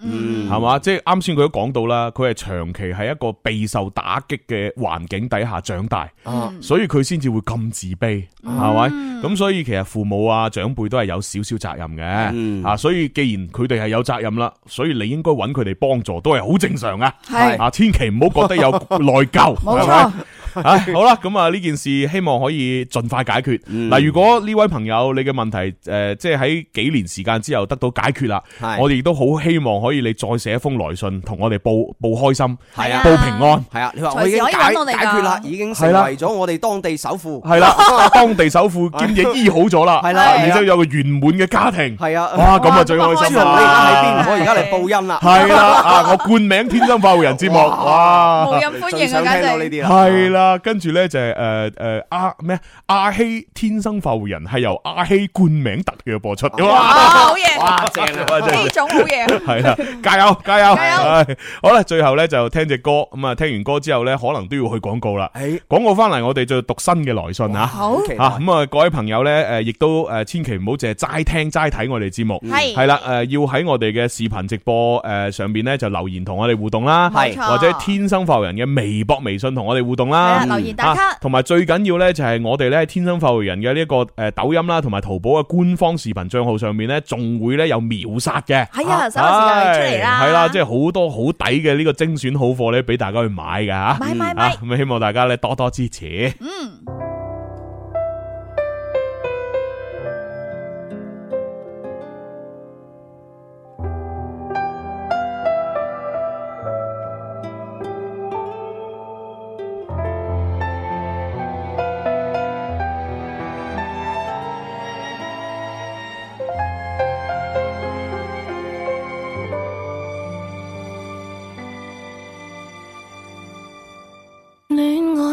係嘛、嗯？即係啱先佢都講到啦，佢係長期喺一個備受打擊嘅環境底下長大，嗯、所以佢先至會咁自卑，係咪、嗯？咁所以其實父母啊長輩都係有少少責任嘅，嗯、啊，所以既然佢哋係有責任啦，所以你應該揾佢哋幫助都係好正常啊，是啊，千祈唔好覺得有內疚，冇錯。 唉，好啦，咁啊呢件事希望可以盡快解決。嗱，如果呢位朋友你嘅問題，誒，即係喺幾年時間之後得到解決啦，我哋亦都好希望可以你再寫一封來信，同我哋報報開心，係啊，報平安，係啊。你話我已經解解決啦，已經成為咗我哋當地首富，係啦，當地首富兼已醫好咗啦，係啦，然之後有個圓滿嘅家庭，係啊，哇，咁啊最開心啦。我而家嚟報恩啦，係啦，啊，我冠名《天生發護人》節目，哇，冇人歡迎啊，簡直係啦。啊，跟住咧就係，誒誒阿咩阿希，天生發戶人係由阿希冠名特約播出，哇好嘢！哇正啊，真係呢種好嘢，係啦，加油加油。好啦最後咧就聽隻歌，咁啊聽完歌之後咧可能都要去廣告啦，廣告翻嚟我哋就讀新嘅來信啊。好啊咁啊各位朋友咧誒亦都誒千祈唔好淨係齋聽齋睇我哋節目係係啦誒要喺我哋嘅視頻直播誒上邊咧就留言同我哋互動啦，係或者天生發人嘅微博微信同我哋互動啦。留言打卡，同埋、啊、最緊要咧就係我哋咧天生發育人嘅呢一個誒抖音啦，同埋淘寶嘅官方視頻賬號上面咧，仲會咧有秒殺嘅，係啊，首先亮出嚟啦。係啦，即係好多好抵嘅呢個精選好貨咧，俾大家去買噶吓，買買買，咁、啊、希望大家咧多多支持。嗯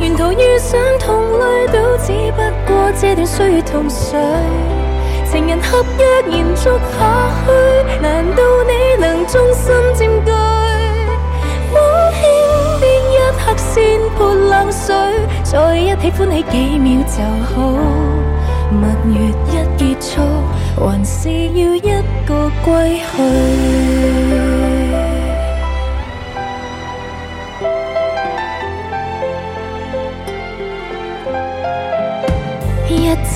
沿途遇上同類都只不過這段歲月同睡，情人合約延續下去，難道你能終身占據？溫馨的一刻先潑冷水，再一起歡喜幾秒就好，蜜月一結束還是要一個歸去。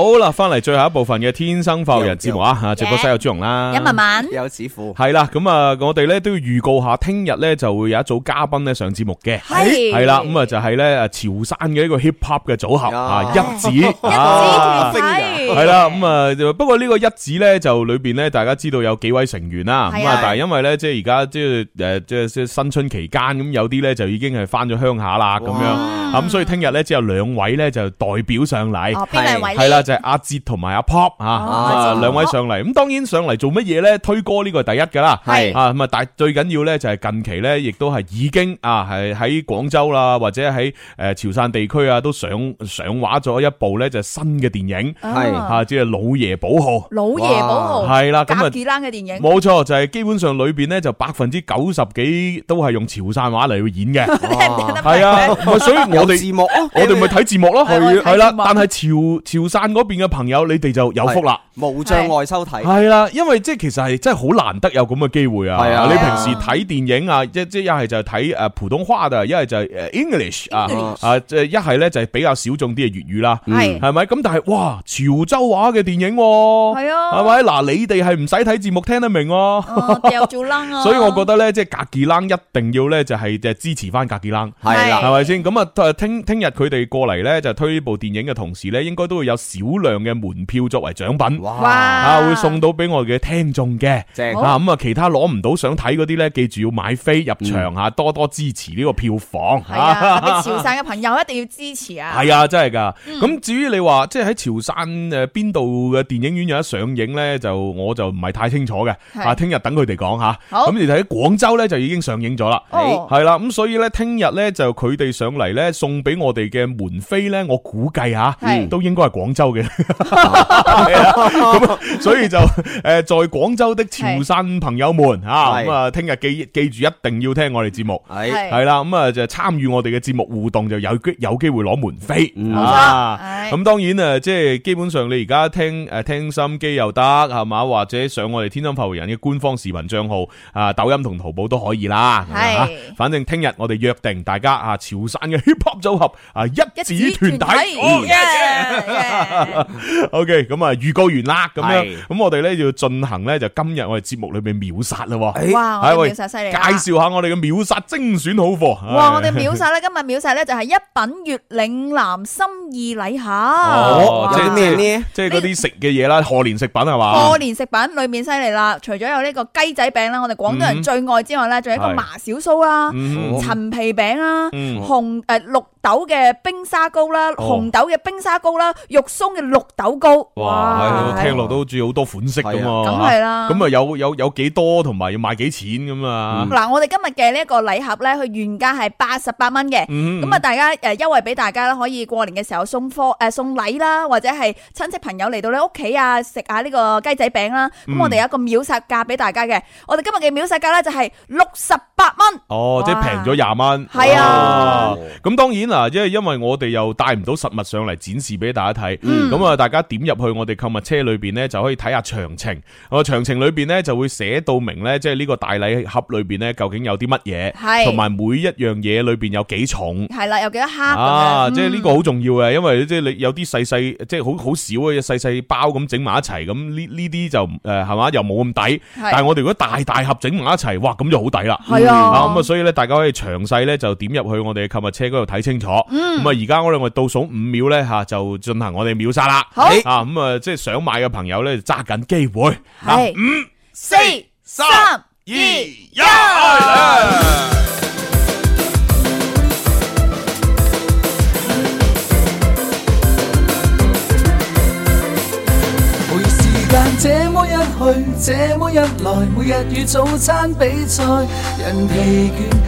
好啦，翻嚟最後一部分嘅天生發人節目啊，直播室有朱融啦，一文文，有屎虎，係啦，咁啊，我哋咧都要預告下，聽日咧就會有一組嘉賓咧上節目嘅，係啦，咁啊就係咧潮汕嘅一個 hip hop 嘅組合啊，一子，一子，係啦，咁啊，不過呢個一子咧就裏邊咧大家知道有幾位成員啦，咁啊，但係因為咧即係而家即係誒即係新春期間咁，有啲咧就已經係翻咗鄉下啦，咁樣，咁所以聽日咧只有兩位咧就代表上嚟，係啦。就阿哲同埋阿 Pop 啊，兩位上嚟咁，當然上嚟做乜嘢咧？推歌呢個係第一噶啦，係啊咁啊！但係最緊要咧就係近期咧，亦都係已經啊，係喺廣州啦，或者喺誒潮汕地區啊，都上上畫咗一部咧就係新嘅電影係啊，即係老爺保號老爺保號，係啦，咁啊幾啱嘅電影，冇錯，就係基本上裏邊咧就百分之九十幾都係用潮汕話嚟去演嘅，係啊，所以我哋我哋咪睇字幕咯，係係啦，但係潮潮汕。嗰邊嘅朋友，你哋就有福啦，無障礙收睇，係啦，因為即係其實係真係好難得有咁嘅機會啊！係啊的，你平時睇電影啊，即即一係就睇誒普通話嘅，一係就誒 English 啊啊，即一係咧就係比較少眾啲嘅粵語啦，係咪咁？但係哇，潮州話嘅電影，係啊，係咪嗱？你哋係唔使睇字幕聽得明啊？掉左楞啊！啊 所以我覺得咧，即格吉楞一定要咧就係支持翻格吉楞，係啦的，係咪先？咁啊的，聽聽日佢哋過嚟咧就推部電影嘅同時咧，應該都會有少量嘅門票作為獎品，哇！啊，會送到俾我哋嘅聽眾嘅，正啊！咁啊，其他攞唔到想睇嗰啲咧，記住要買飛入場吓，多多支持呢個票房。喺潮汕嘅朋友一定要支持啊！係啊，真係噶。咁至於你話即係喺潮汕誒邊度嘅電影院有得上映咧，就我就唔係太清楚嘅。啊，聽日等佢哋講吓。咁咁而喺廣州咧就已經上映咗啦。哦。係啦，咁所以咧聽日咧就佢哋上嚟咧送俾我哋嘅門飛咧，我估計吓，都應該係廣州。嘅、 嗯，所以就誒、呃，在廣州的潮汕朋友們啊，咁、嗯、啊，聽日記記住一定要聽我哋節目，係係啦，咁啊、嗯、就參與我哋嘅節目互動就有機有機會攞門飛，咁當然誒，即係基本上你而家聽誒聽心機又得係嘛？或者上我哋天津發圍人嘅官方視頻賬號啊，抖音同淘寶都可以啦，係是，反正聽日我哋約定大家啊，潮汕嘅 hip hop 組合啊，一子團體。 O K，咁啊，預、okay, 告完啦，咁樣，咁我哋咧要進行咧，就今日我哋節目裏邊秒殺啦，欸、哇，係利，介紹下我哋嘅秒殺精選好貨。哇，我哋秒殺咧，今日秒殺咧就係一品粵嶺南心意禮盒。哦，即係咩咧？即係嗰啲食嘅嘢啦，賀年食品係嘛？賀年食品裏面犀利啦，除咗有呢個雞仔餅啦，我哋廣東人最愛之外咧，仲、嗯、有一個麻小酥啦、陳、嗯、皮餅啦。嗯、紅誒、呃、綠。豆嘅冰沙糕啦，紅豆嘅冰沙糕啦，肉鬆嘅綠豆糕。哇，聽落都好似好多款式㗎嘛。咁係啦，咁啊有有有幾多同埋要賣幾錢咁啊？嗱，我哋今日嘅呢一個禮盒咧，佢原價係八十八蚊嘅，咁啊大家誒優惠俾大家啦，可以過年嘅時候送貨誒送禮啦，或者係親戚朋友嚟到你屋企啊食下呢個雞仔餅啦，咁我哋有一個秒殺價俾大家嘅，我哋今日嘅秒殺價咧就係六十八蚊。哦，即係平咗廿蚊。係啊，咁當然啦。啊，因為因為我哋又帶唔到實物上嚟展示俾大家睇，咁啊、嗯，大家點入去我哋購物車裏邊呢，就可以睇下詳情。啊，詳情裏邊呢，就會寫到明呢，即係呢個大禮盒裏邊呢，究竟有啲乜嘢，同埋是每一樣嘢裏邊有幾重，係啦，有幾多克啊，嗯、即係呢個好重要嘅，因為即係你有啲細細，即係好好少嘅細細包咁整埋一齊咁，呢呢啲就誒係嘛，又冇咁抵。是但係我哋如果大大盒整埋一齊，哇，咁就好抵啦。係啊，咁啊，所以咧，大家可以詳細咧就點入去我哋購物車嗰度睇清清楚，咁啊，而家我哋我倒數五秒咧吓，就進行我哋秒殺啦，好，咁啊，即係想買嘅朋友咧，就揸緊機會，係五是、四、三、二、一，啦、哎！哎、每時間這麼一去，這麼一來，每日與早餐比賽，人疲倦。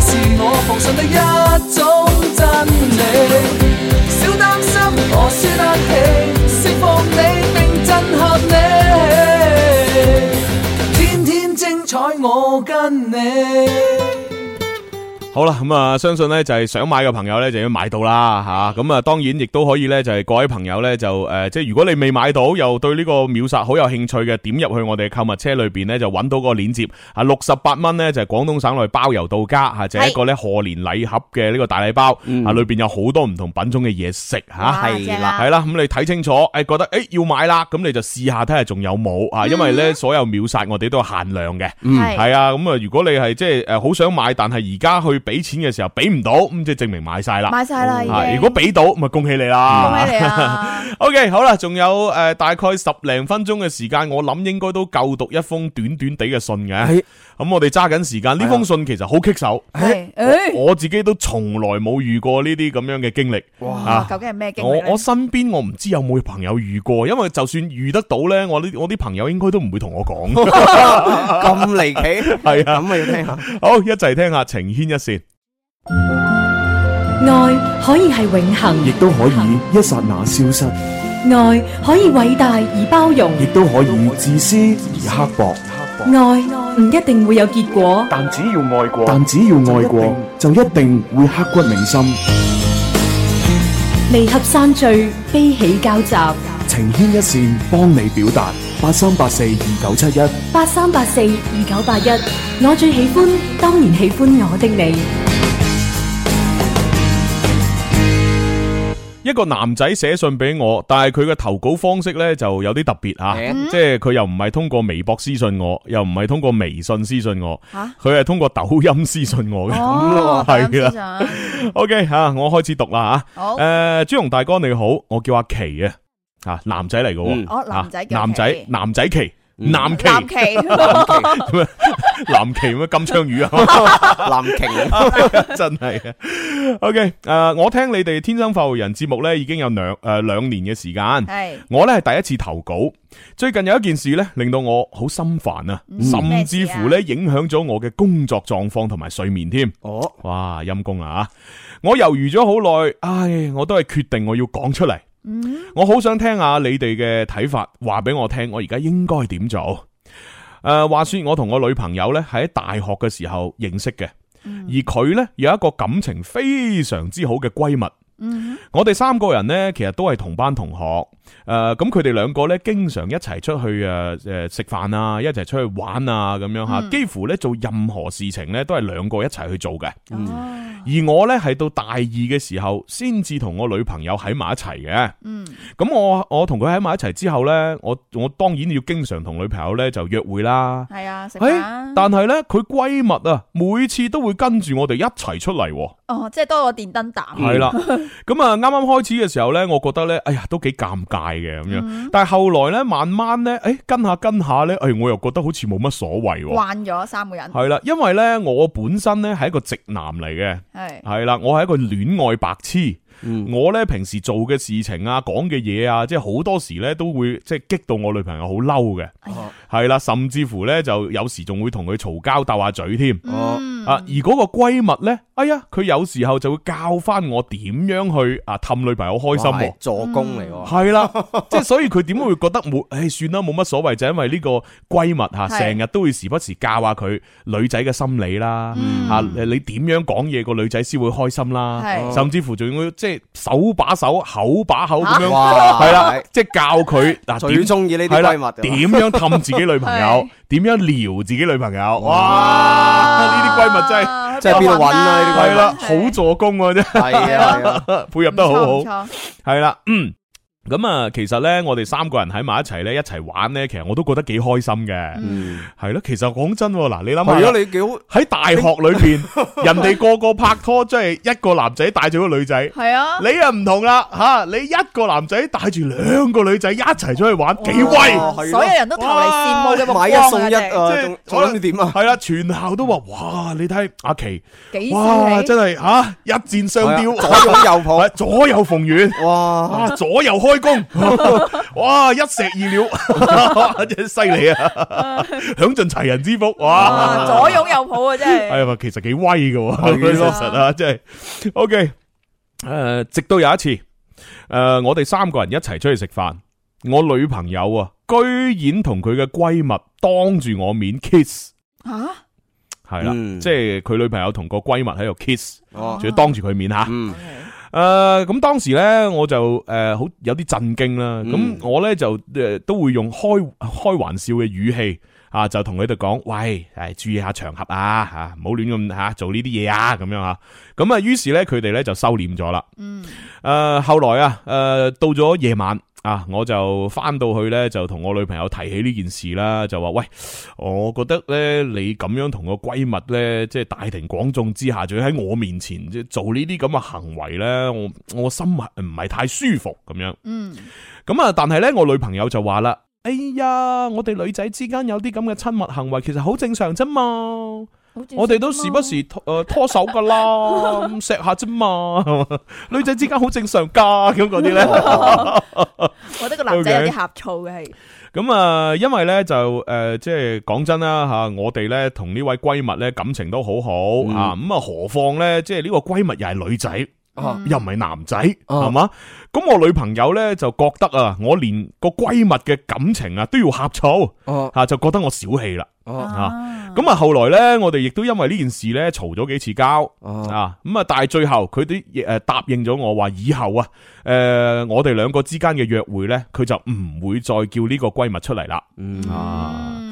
是我奉上的一種真理，少擔心我輸得起，釋放你並震撼你，天天精彩我跟你。好啦，咁、嗯、啊，相信咧就係想買嘅朋友咧就要買到啦吓，咁啊、嗯，當然亦都可以咧就係各位朋友咧就誒、呃，即係如果你未買到又對呢個秒殺好有興趣嘅，點入去我哋購物車裏邊咧就揾到個鏈接，啊六十八蚊咧就係廣東省內包郵到家吓，就、啊、一個咧賀年禮盒嘅呢個大禮包，的啊裏邊有好多唔同品種嘅嘢食吓，係啦係啦，咁、啊、你睇清楚，誒覺得誒、欸、要買啦，咁你就試下睇下仲有冇啊，因為咧、嗯、所有秒殺我哋都係限量嘅，係係啊，咁啊、嗯嗯嗯、如果你係即係誒好想買，但係而家去。俾錢嘅時候俾唔到，咁即係證明買晒啦。買晒啦！嗯，如果俾到，咪恭喜你啦。 O、okay, K，好啦，仲有誒、呃，大概十零分鐘嘅時間，我諗應該都夠讀一封短短地嘅信嘅。咁、哎嗯、我哋揸緊時間。呢、哎、呀封信其實好棘手，我自己都從來冇遇過呢啲咁樣嘅經歷。哇、啊，究竟係咩經歷？我身邊我唔知有冇朋友遇過，因為就算遇得到呢，我啲我啲朋友應該都唔會同我講。咁離、啊、奇，係 啊，咁啊要聽，聽下，好聽下、呃好。好，一齊聽下晴軒一先。呃呃嗯嗯 愛可以係永恆，亦都可以一剎那消失。愛可以偉大而包容，亦都可以自私而刻薄。愛唔一定會有結果，但只要愛過，但只要愛過就一定會刻骨銘心。離合散聚，悲喜交集，情牽一線，幫你表達。八三八四二九七一，八三八四二九八一。我最喜歡，當然喜歡我的你。一個男仔寫信俾我，但係佢嘅投稿方式咧就有啲特別啊，嗯、即係佢又唔係通過微博私信我，又唔係通過微信私信我，佢係、啊、通過抖音私信我嘅，咁咯係啦。哇 OK 吓、啊，我開始讀啦吓，誒、啊好呃，朱紅大哥你好，我叫阿琪啊，吓，男仔嚟嘅。哦，男仔，男仔，男仔琪。南旗，南旗奇咩？ 南旗奇咩？金槍魚啊？南 旗， 真係嘅。O K，誒，我聽你哋《天生發育人》節目咧，已經有兩誒兩年嘅時間。係是我咧係第一次投稿。最近有一件事咧，令到我好心煩啊，嗯、甚至乎咧影響咗我嘅工作狀況同埋睡眠添。哦，哇，陰公啊！我猶豫咗好耐，唉，我都係決定我要講出嚟。嗯，我好想聽下你哋嘅睇法，話俾我聽，我而家應該點做？誒、呃，話說我同我女朋友呢喺大學嘅時候認識嘅，而佢呢有一個感情非常之好嘅閨蜜，嗯哼，我哋三個人呢，其實都係同班同學。誒，咁佢哋兩個咧，經常一齊出去誒誒食飯啊，一齊出去玩啊，咁樣吓，幾乎咧做任何事情咧，都係兩個一齊去做嘅。嗯，而我咧係到大二嘅時候，先至同我女朋友喺埋一齊嘅。嗯，咁我我同佢喺埋一齊之後咧，我我當然要經常同女朋友咧就約會啦。係啊，食飯。但係咧，佢閨蜜啊，每次都會跟住我哋一齊出嚟。哦，即係多個電燈膽。係啦，咁啊，啱啱開始嘅時候咧，我覺得咧，哎呀，都幾尷尬。大嘅咁樣，嗯、但係後來咧，慢慢咧，誒、欸，跟下跟下咧，誒、欸，我又覺得好似冇乜所謂喎。慣咗三個人，係啦，因為咧，我本身咧係一個直男嚟嘅，係係啦，我係一個戀愛白痴，嗯、我咧平時做嘅事情啊，講嘅嘢啊，即係好多時咧都會即係激到我女朋友好嬲嘅，係啦、哎呀，甚至乎咧就有時仲會同佢嘈交、鬥下嘴添。嗯啊！而嗰個閨蜜呢，哎呀，佢有時候就會教翻我點樣去啊氹女朋友開心，助攻嚟喎，係啦，即係 所以佢點會覺得冇？誒、哎，算啦，冇乜所謂，就因為呢個閨蜜吓，成、啊、日是都會時不時教下佢女仔嘅心理啦，吓、嗯啊、你點樣講嘢個女仔先會開心啦，是甚至乎仲要即係手把手、口把口咁樣，係啦、啊，即係、就是、教佢嗱最中意呢啲閨蜜，點樣氹自己女朋友，點 樣撩自己女朋友，哇！呢啲閨。咪真係，真係邊度搵啊？呢啲鬼嘢，係啦，好助攻啊！真係啊，啊啊配合得好好，係啦、啊，嗯。咁啊，其實咧，我哋三個人喺埋一齊咧，一齊玩咧，其實我都覺得幾開心嘅。嗯，係咯，其實講真，嗱，你諗下，如果你幾好喺大學裏邊，人哋個個拍拖，即係一個男仔帶住個女仔。係啊，你又唔同啦，吓，你一個男仔帶住兩個女仔一齊出去玩，幾威！所有人都投你羨慕，哇，買一送一。即係再諗點啊？係啦，全校都話哇，你睇阿琪，哇，真係吓一箭雙雕，左右又抱，左右逢源，哇，左右開。開工， 哇！一石二鳥，真犀厲利害啊！ 享盡齊人之福，哇！啊、左擁右抱啊，真係。係啊，其實幾威噶，啊、其實啊，啊、真係。OK，誒，呃、直到有一次，誒，我哋三個人一齊出去食飯，我女朋友啊，居然同佢嘅閨蜜當住我面 kiss、啊。吓，係啦，即係佢女朋友同個閨蜜喺度 kiss，仲、啊、要當住佢面吓。嗯嗯.誒，咁、呃、當時咧，我就誒好、呃、有啲震驚啦。咁、嗯、我咧就誒、呃、都會用開開玩笑嘅語氣。啊，就同佢哋講，喂，誒，注意下場合啊，吓，唔好亂咁吓做呢啲嘢啊，咁樣啊，咁啊，於是咧，佢哋咧就收斂咗啦。嗯。誒，後來啊，誒，到咗夜晚啊，我就翻到去咧，就同我女朋友提起呢件事啦，就話喂，我覺得咧，你咁樣同個閨蜜咧，即係大庭廣眾之下，仲要喺我面前即係做呢啲咁嘅行為咧，我我心唔唔係太舒服咁樣。嗯。咁啊，但係咧，我女朋友就話啦。哎呀，我哋女仔之間有啲咁嘅親密行為，其實好正常啫嘛。啊、我哋都時不時誒拖手噶啦，錫下啫嘛。女仔之間好正常噶，咁嗰啲咧。我覺得個男仔有啲呷醋嘅係。咁啊 Okay.、嗯嗯，因為咧就誒、呃，即係講真啦吓，我哋咧同呢位閨蜜咧感情都好好啊。咁、嗯、啊，何況咧，即係呢個閨蜜又係女仔。又唔係男仔係嘛？咁我女朋友呢，就覺得啊，我連個閨蜜嘅感情啊都要呷醋，吓、啊啊、就覺得我小氣啦。啊，咁啊後來呢，我哋亦都因為呢件事呢嘈咗幾次交啊，咁啊，但係最後佢都誒答應咗我話以後啊，誒、呃、我哋兩個之間嘅約會呢，佢就唔會再叫呢個閨蜜出嚟啦。嗯、啊。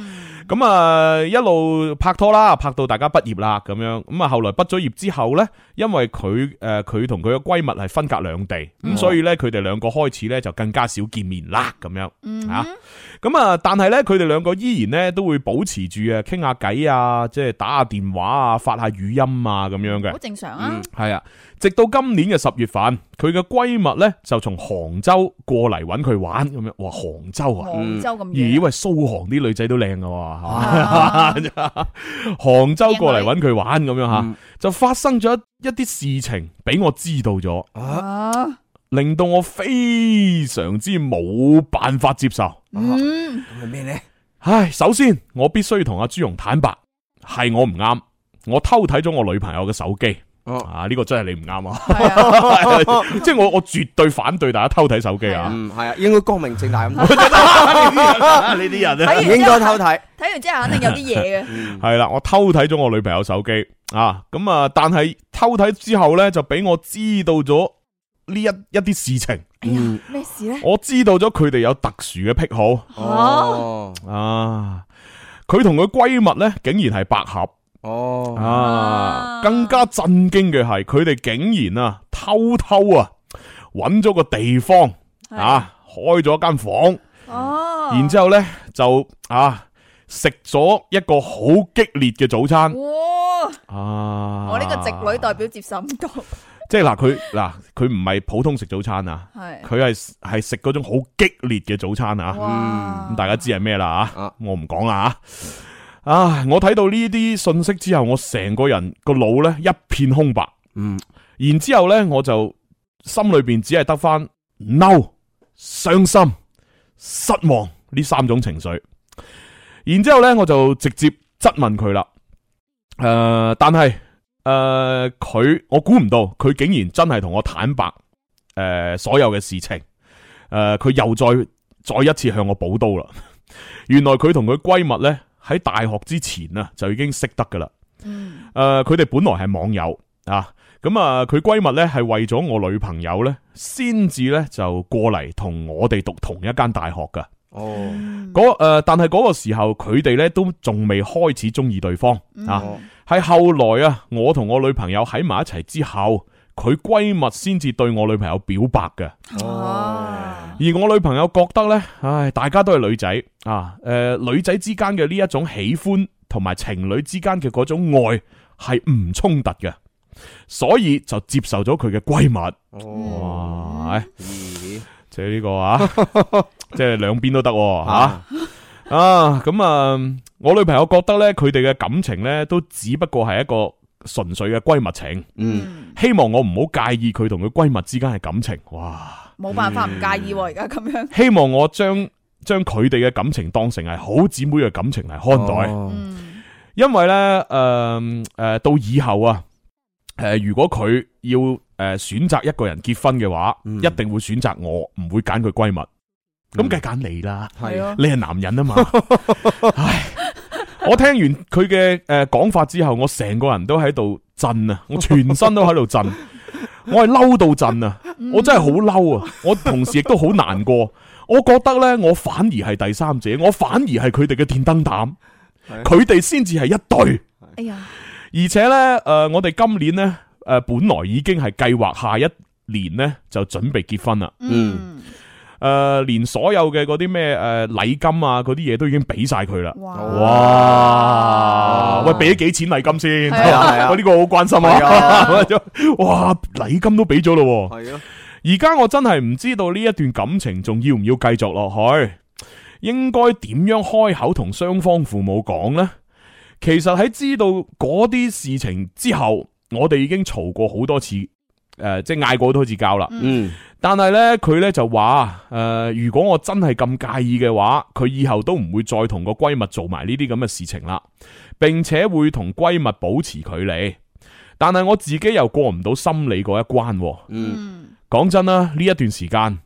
咁啊，一路拍拖啦，拍到大家畢業啦，咁樣。咁啊，後來畢咗業之後呢，因為佢誒，佢同佢嘅閨蜜係分隔兩地，咁、嗯、所以呢，佢哋兩個開始呢就更加少見面啦，咁樣、嗯哼。嗯，吓，咁啊，但係呢，佢哋兩個依然呢都會保持住啊，傾下偈啊，即係打下電話啊，發下語音啊，咁樣嘅。好正常啊。係、嗯、啊。直到今年嘅十月份，佢嘅閨蜜咧就從杭州過嚟揾佢玩咁樣。哇杭州啊，杭州咁，咦喂，蘇杭啲女仔都靚噶哇！杭州過嚟揾佢玩咁、嗯、樣吓，就發生咗一啲事情，俾我知道咗，啊啊、令到我非常之冇辦法接受。啊、嗯，咩咧、啊？呢唉，首先我必須同阿朱蓉坦白，係我唔啱，我偷睇咗我女朋友嘅手機。啊，呢個真係你唔啱啊！即係我，我絕對反對大家偷睇手機啊！嗯，係啊，應該光明正大咁。呢啲人應該偷睇，睇完之後肯定有啲嘢嘅。係啦，我偷睇咗我女朋友手機啊，咁啊，但係偷睇之後咧，就俾我知道咗呢一一啲事情。咩事咧？我知道咗佢哋有特殊嘅癖好。哦啊，佢同佢閨蜜咧，竟然係百合。哦，啊，更加震驚嘅係佢哋竟然啊偷偷啊搵咗個地方啊開咗間房哦，然之後咧就啊食咗一個好激烈嘅早餐哇啊！我呢個直女代表接受唔到，即係嗱佢嗱佢唔係普通食早餐啊，佢係係食嗰種好激烈嘅早餐啊，咁大家知係咩啦啊？我唔講啦吓。啊！我睇到呢啲信息之後，我成個人個腦咧一片空白。嗯，然之後咧，我就心裏邊只係得翻嬲、傷心、失望呢三種情緒。然之後咧，我就直接質問佢啦。誒、呃，但係誒，佢、呃、我估唔到，佢竟然真係同我坦白誒、呃、所有嘅事情。誒、呃，佢又再再一次向我補刀啦。原來佢同佢閨蜜呢。喺大學之前啊，就已經識得噶啦。誒、呃，佢哋本來係網友啊，咁啊，佢閨蜜咧係為咗我女朋友咧，先至咧就過嚟同我哋讀同一間大學噶。哦，誒、呃，但係嗰個時候佢哋咧都仲未開始中意對方啊。係、哦、後來啊，我同我女朋友喺埋一齊之後，佢閨蜜先至對我女朋友表白嘅。哦。而我女朋友覺得呢，唉，大家都係女仔啊，誒、呃，女仔之間嘅呢一種喜歡同埋情侶之間嘅嗰種愛係唔衝突嘅，所以就接受咗佢嘅閨蜜。哦、哇，即係呢個啊， 即係兩邊都得吓啊。咁啊、呃，我女朋友覺得呢，佢哋嘅感情呢都只不過係一個純粹嘅閨蜜情。嗯，希望我唔好介意佢同佢閨蜜之間嘅感情。哇！冇辦法唔介意喎、啊，而家咁樣。希望我將將佢哋嘅感情當成係好姊妹嘅感情嚟看待，哦、因為咧，誒、呃，誒、呃，到以後啊，誒、呃，如果佢要誒選擇一個人結婚嘅話，嗯、一定會選擇我，唔會揀佢閨蜜。咁梗係揀你啦，係咯、啊，你係男人啊嘛。 唉，我聽完佢嘅誒講法之後，我成個人都喺度震，啊，我全身都喺度震。 我係嬲到震啊！我真係好嬲啊！我同時亦都好難過。我覺得呢，我反而係第三者，我反而係佢哋嘅電燈膽，佢哋先至係一對。而且呢，誒、呃，我哋今年呢，誒、呃，本來已經係計劃下一年呢就準備結婚啦。嗯。誒、呃，連所有嘅嗰啲咩誒禮金啊，嗰啲嘢都已經俾晒佢啦。哇！哇喂，俾咗幾錢禮金先？我呢個好關心啊！ 哇，禮金都俾咗咯。係咯、啊。而家我真係唔知道呢一段感情仲要唔要繼續落去？應該點樣開口同雙方父母講呢？其實喺知道嗰啲事情之後，我哋已經嘈過好多次，誒、呃，即係嗌過好多次交啦。嗯。但係咧，佢咧就話誒、呃，如果我真係咁介意嘅話，佢以後都唔會再同個閨蜜做埋呢啲咁嘅事情啦，並且會同閨蜜保持距離。但係我自己又過唔到心理嗰一關、啊。嗯，講真啦，呢一段時間，誒、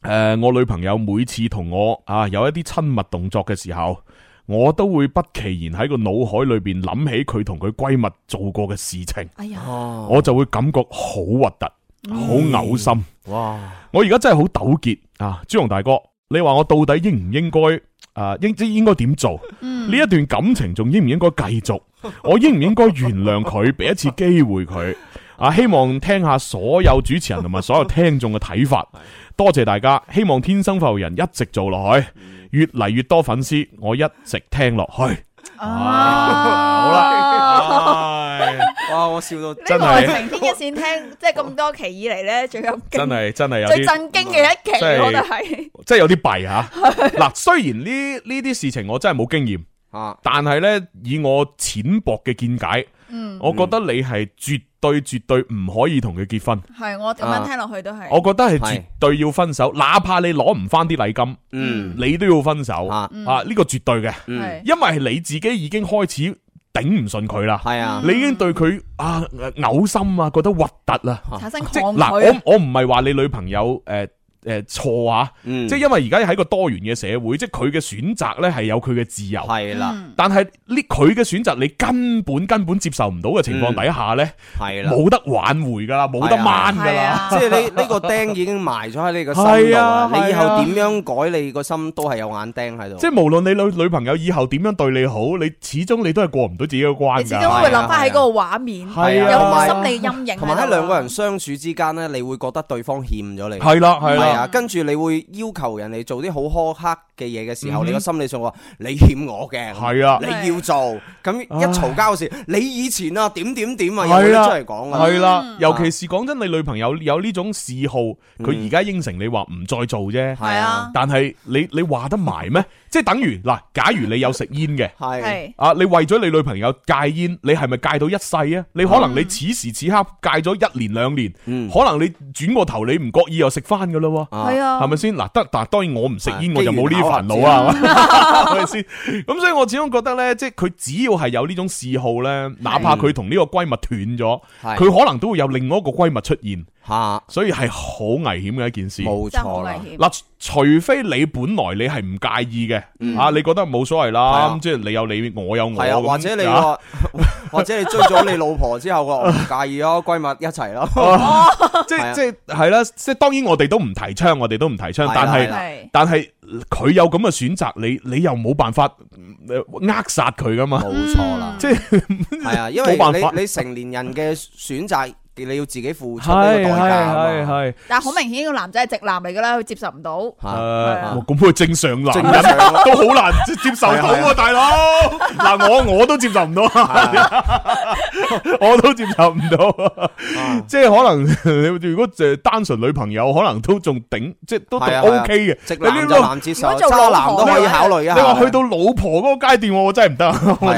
呃，我女朋友每次同我啊有一啲親密動作嘅時候，我都會不其然喺個腦海裏邊諗起佢同佢閨蜜做過嘅事情。哎呀呦，我就會感覺好核突。好嘔心、嗯、哇！我而家真係好糾結啊，朱龍大哥，你話我到底應唔應該誒、啊，應即應該點做？呢、嗯、一段感情仲應唔應該繼續？我應唔應該原諒佢，俾 一次機會佢？啊，希望聽下所有主持人同埋所有聽眾嘅睇法。 的多謝大家，希望天生發育人一直做落去，越嚟越多粉絲，我一直聽落去、啊 啊。好啦。啊 哇！我笑到真係，呢個係《晴天一線聽》，即係咁多期以嚟咧，最有驚真係真係有最震驚嘅一期，我覺得係，即係有啲弊吓。嗱，雖然呢呢啲事情我真係冇經驗啊，但係咧以我淺薄嘅見解，嗯，我覺得你係絕對絕對唔可以同佢結婚。係，我點樣聽落去都係，我覺得係絕對要分手，哪怕你攞唔翻啲禮金，嗯，你都要分手啊！啊，呢個絕對嘅，因為你自己已經開始。頂唔順佢啦，係啊， 你已經對佢啊，嘔心啊，覺得核突啦，產生抗拒。嗱、 就是，我我唔係話你女朋友誒。呃誒，錯啊！即係因為而家喺個多元嘅社會，即係佢嘅選擇咧係有佢嘅自由，係啦。但係呢佢嘅選擇，你根本根本接受唔到嘅情況底下咧，係啦，冇得挽回噶啦，冇得彎噶啦。即係你呢個釘已經埋咗喺你個心度啊！你以後點樣改你個心都係有眼釘喺度。即係無論你女女朋友以後點樣對你好，你始終你都係過唔到自己嘅關。你始終會諗翻喺嗰個畫面，係有冇心理陰影。同埋喺兩個人相處之間咧，你會覺得對方欠咗你。係啦，係啦。跟住你會要求人哋做啲好苛刻嘅嘢嘅時候，你個心理上話你欠我嘅，係啊，你要做咁一嘈交嘅時，你以前啊點點點啊，有啲真係講噶，係啦，尤其是講真，你女朋友有呢種嗜好，佢而家應承你話唔再做啫，係啊，但係你你話得埋咩？即係等於嗱，假如你有食煙嘅，係啊，你為咗你女朋友戒煙，你係咪戒到一世啊？你可能你此時此刻戒咗一年兩年，可能你轉過頭你唔覺意又食翻噶啦。係啊，係咪先嗱？得，但當然我唔食煙，啊、我就冇呢啲煩惱啊。係咪先？咁 所以我始終覺得呢，即係佢只要係有呢種嗜好呢，哪怕佢同呢個閨蜜斷咗，佢、啊啊、可能都會有另外一個閨蜜出現。吓，所以係好危險嘅一件事。冇錯，嗱，除非你本來你係唔介意嘅，啊，你覺得冇所謂啦，即係你有你，我有我。啊，或者你話，或者你追咗你老婆之後，我唔介意咯，閨蜜一齊咯。即係即係係啦，即係當然我哋都唔提倡，我哋都唔提倡。但係但係佢有咁嘅選擇，你你又冇辦法扼殺佢噶嘛。冇錯啦，即係係啊，因為你你成年人嘅選擇。你要自己付出呢個代價。係係但係好明顯，個男仔係直男嚟㗎啦，佢接受唔到。咁佢正常男人都好難接受到喎，大佬。嗱，我我都接受唔到，我都接受唔到。即係可能你如果就誒單純女朋友，可能都仲頂，即係都 OK 嘅。直男接受渣男都可以考慮啊。你話去到老婆嗰個階段，我真係唔得，我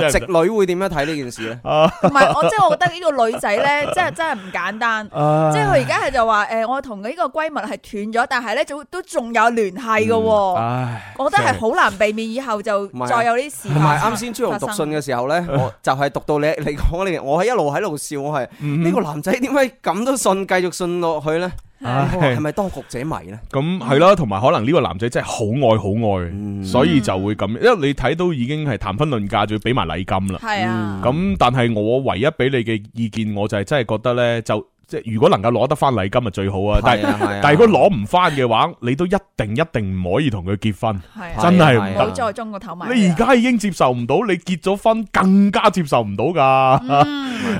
真係。直女會點樣睇呢件事咧？唔係，我即係我覺得呢個女。女仔咧，真係真係唔簡單，唉即係佢而家係就話誒，我同佢呢個閨蜜係斷咗，但係咧都都仲有聯繫嘅，嗯、唉我覺得係好難避免以後就再有啲事。同埋啱先朱紅讀信嘅時候咧，生我就係讀到你你講呢，我係一路喺度笑，我係呢、嗯、個男仔點解咁都信，繼續信落去咧？啊係咪當局者迷咧？咁係啦，同埋、嗯、可能呢個男仔真係好愛好愛，嗯、所以就會咁。因為你睇到已經係談婚論嫁，就要俾埋禮金啦。係啊、嗯。咁、嗯嗯、但係我唯一俾你嘅意見，我就係真係覺得咧就。即係如果能夠攞得翻禮金咪最好啊！但係但係如果攞唔翻嘅話，你都一定一定唔可以同佢結婚，真係唔好再中個頭迷。你而家已經接受唔到，你結咗婚更加接受唔到噶。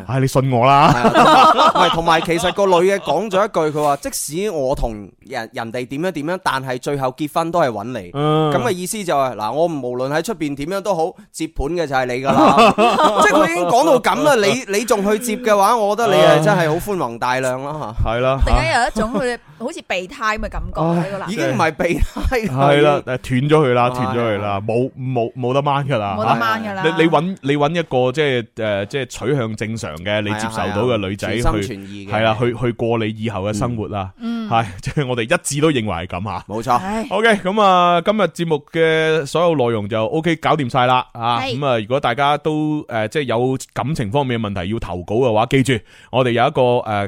唉，你信我啦。係，同埋其實個女嘅講咗一句，佢話即使我同人人哋點樣點樣，但係最後結婚都係揾你。咁嘅意思就係嗱，我無論喺出邊點樣都好，接盤嘅就係你噶啦。即係佢已經講到咁啦，你你仲去接嘅話，我覺得你係真係好寬宏大量啦嚇，係啦，突然間有一種佢好似備胎咁嘅感覺。已經唔係備胎，係啦，但係斷咗佢啦，斷咗佢啦，冇冇冇得掹㗎啦，冇得掹㗎啦。你你揾你揾一個即係誒即係取向正常嘅，你接受到嘅女仔去，係啦，去去過你以後嘅生活啦。嗯，係即係我哋一致都認為係咁嚇，冇錯。OK，咁啊，今日節目嘅所有內容就 OK 搞掂曬啦啊。咁啊，如果大家都誒即係有感情方面嘅問題要投稿嘅話，記住我哋有一個誒。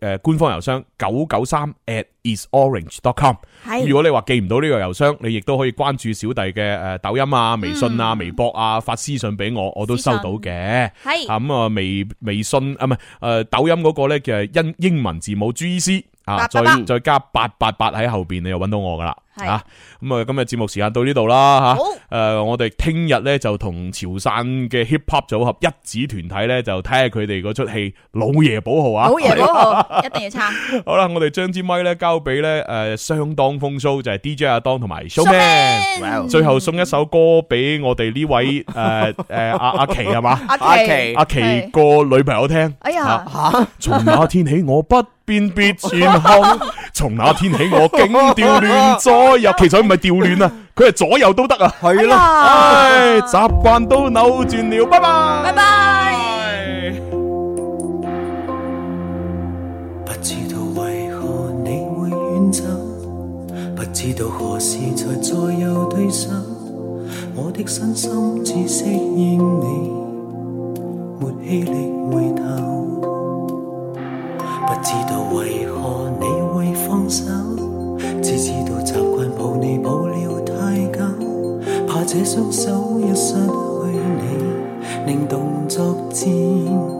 誒、呃，官方郵箱九九三 atisorange.com。Com 是如果你話記唔到呢個郵箱，你亦都可以關注小弟嘅、誒、呃、抖音啊、微信啊、嗯、微博啊，發私信俾我，我都收到嘅。係訊，咁啊、嗯呃、微微信啊唔係誒抖音嗰個咧嘅英英文字母 G.C. 啊，再再加八八八喺後邊，你又揾到我噶是、啊嗯呃、啦。係咁啊，今日節目時間到呢度啦吓。誒好、呃、我哋聽日咧就同潮汕嘅 hiphop 組合一指團體咧就睇下佢哋嗰出戲《老爺寶號》啊，《老爺寶號》。一定要參。好啦，我哋將支咪咧交俾咧誒，相當風騷就係 DJ 阿當同埋 Showman，最後送一首歌俾我哋呢位誒誒阿阿琪係嘛？阿琪阿琪個女朋友聽。哎呀吓！從那天起我不辨別前後，從那天起我竟掉亂再入。其實唔係掉亂啊，佢係左右都得啊。係啦，唉，習慣都扭轉了，拜拜，拜拜。不知道何時才再，再有對手，我的身心只適應你，沒氣力回頭。不知道為何你會放手，只知道習慣抱你抱了太久，怕這雙手一失去你，令動作顫。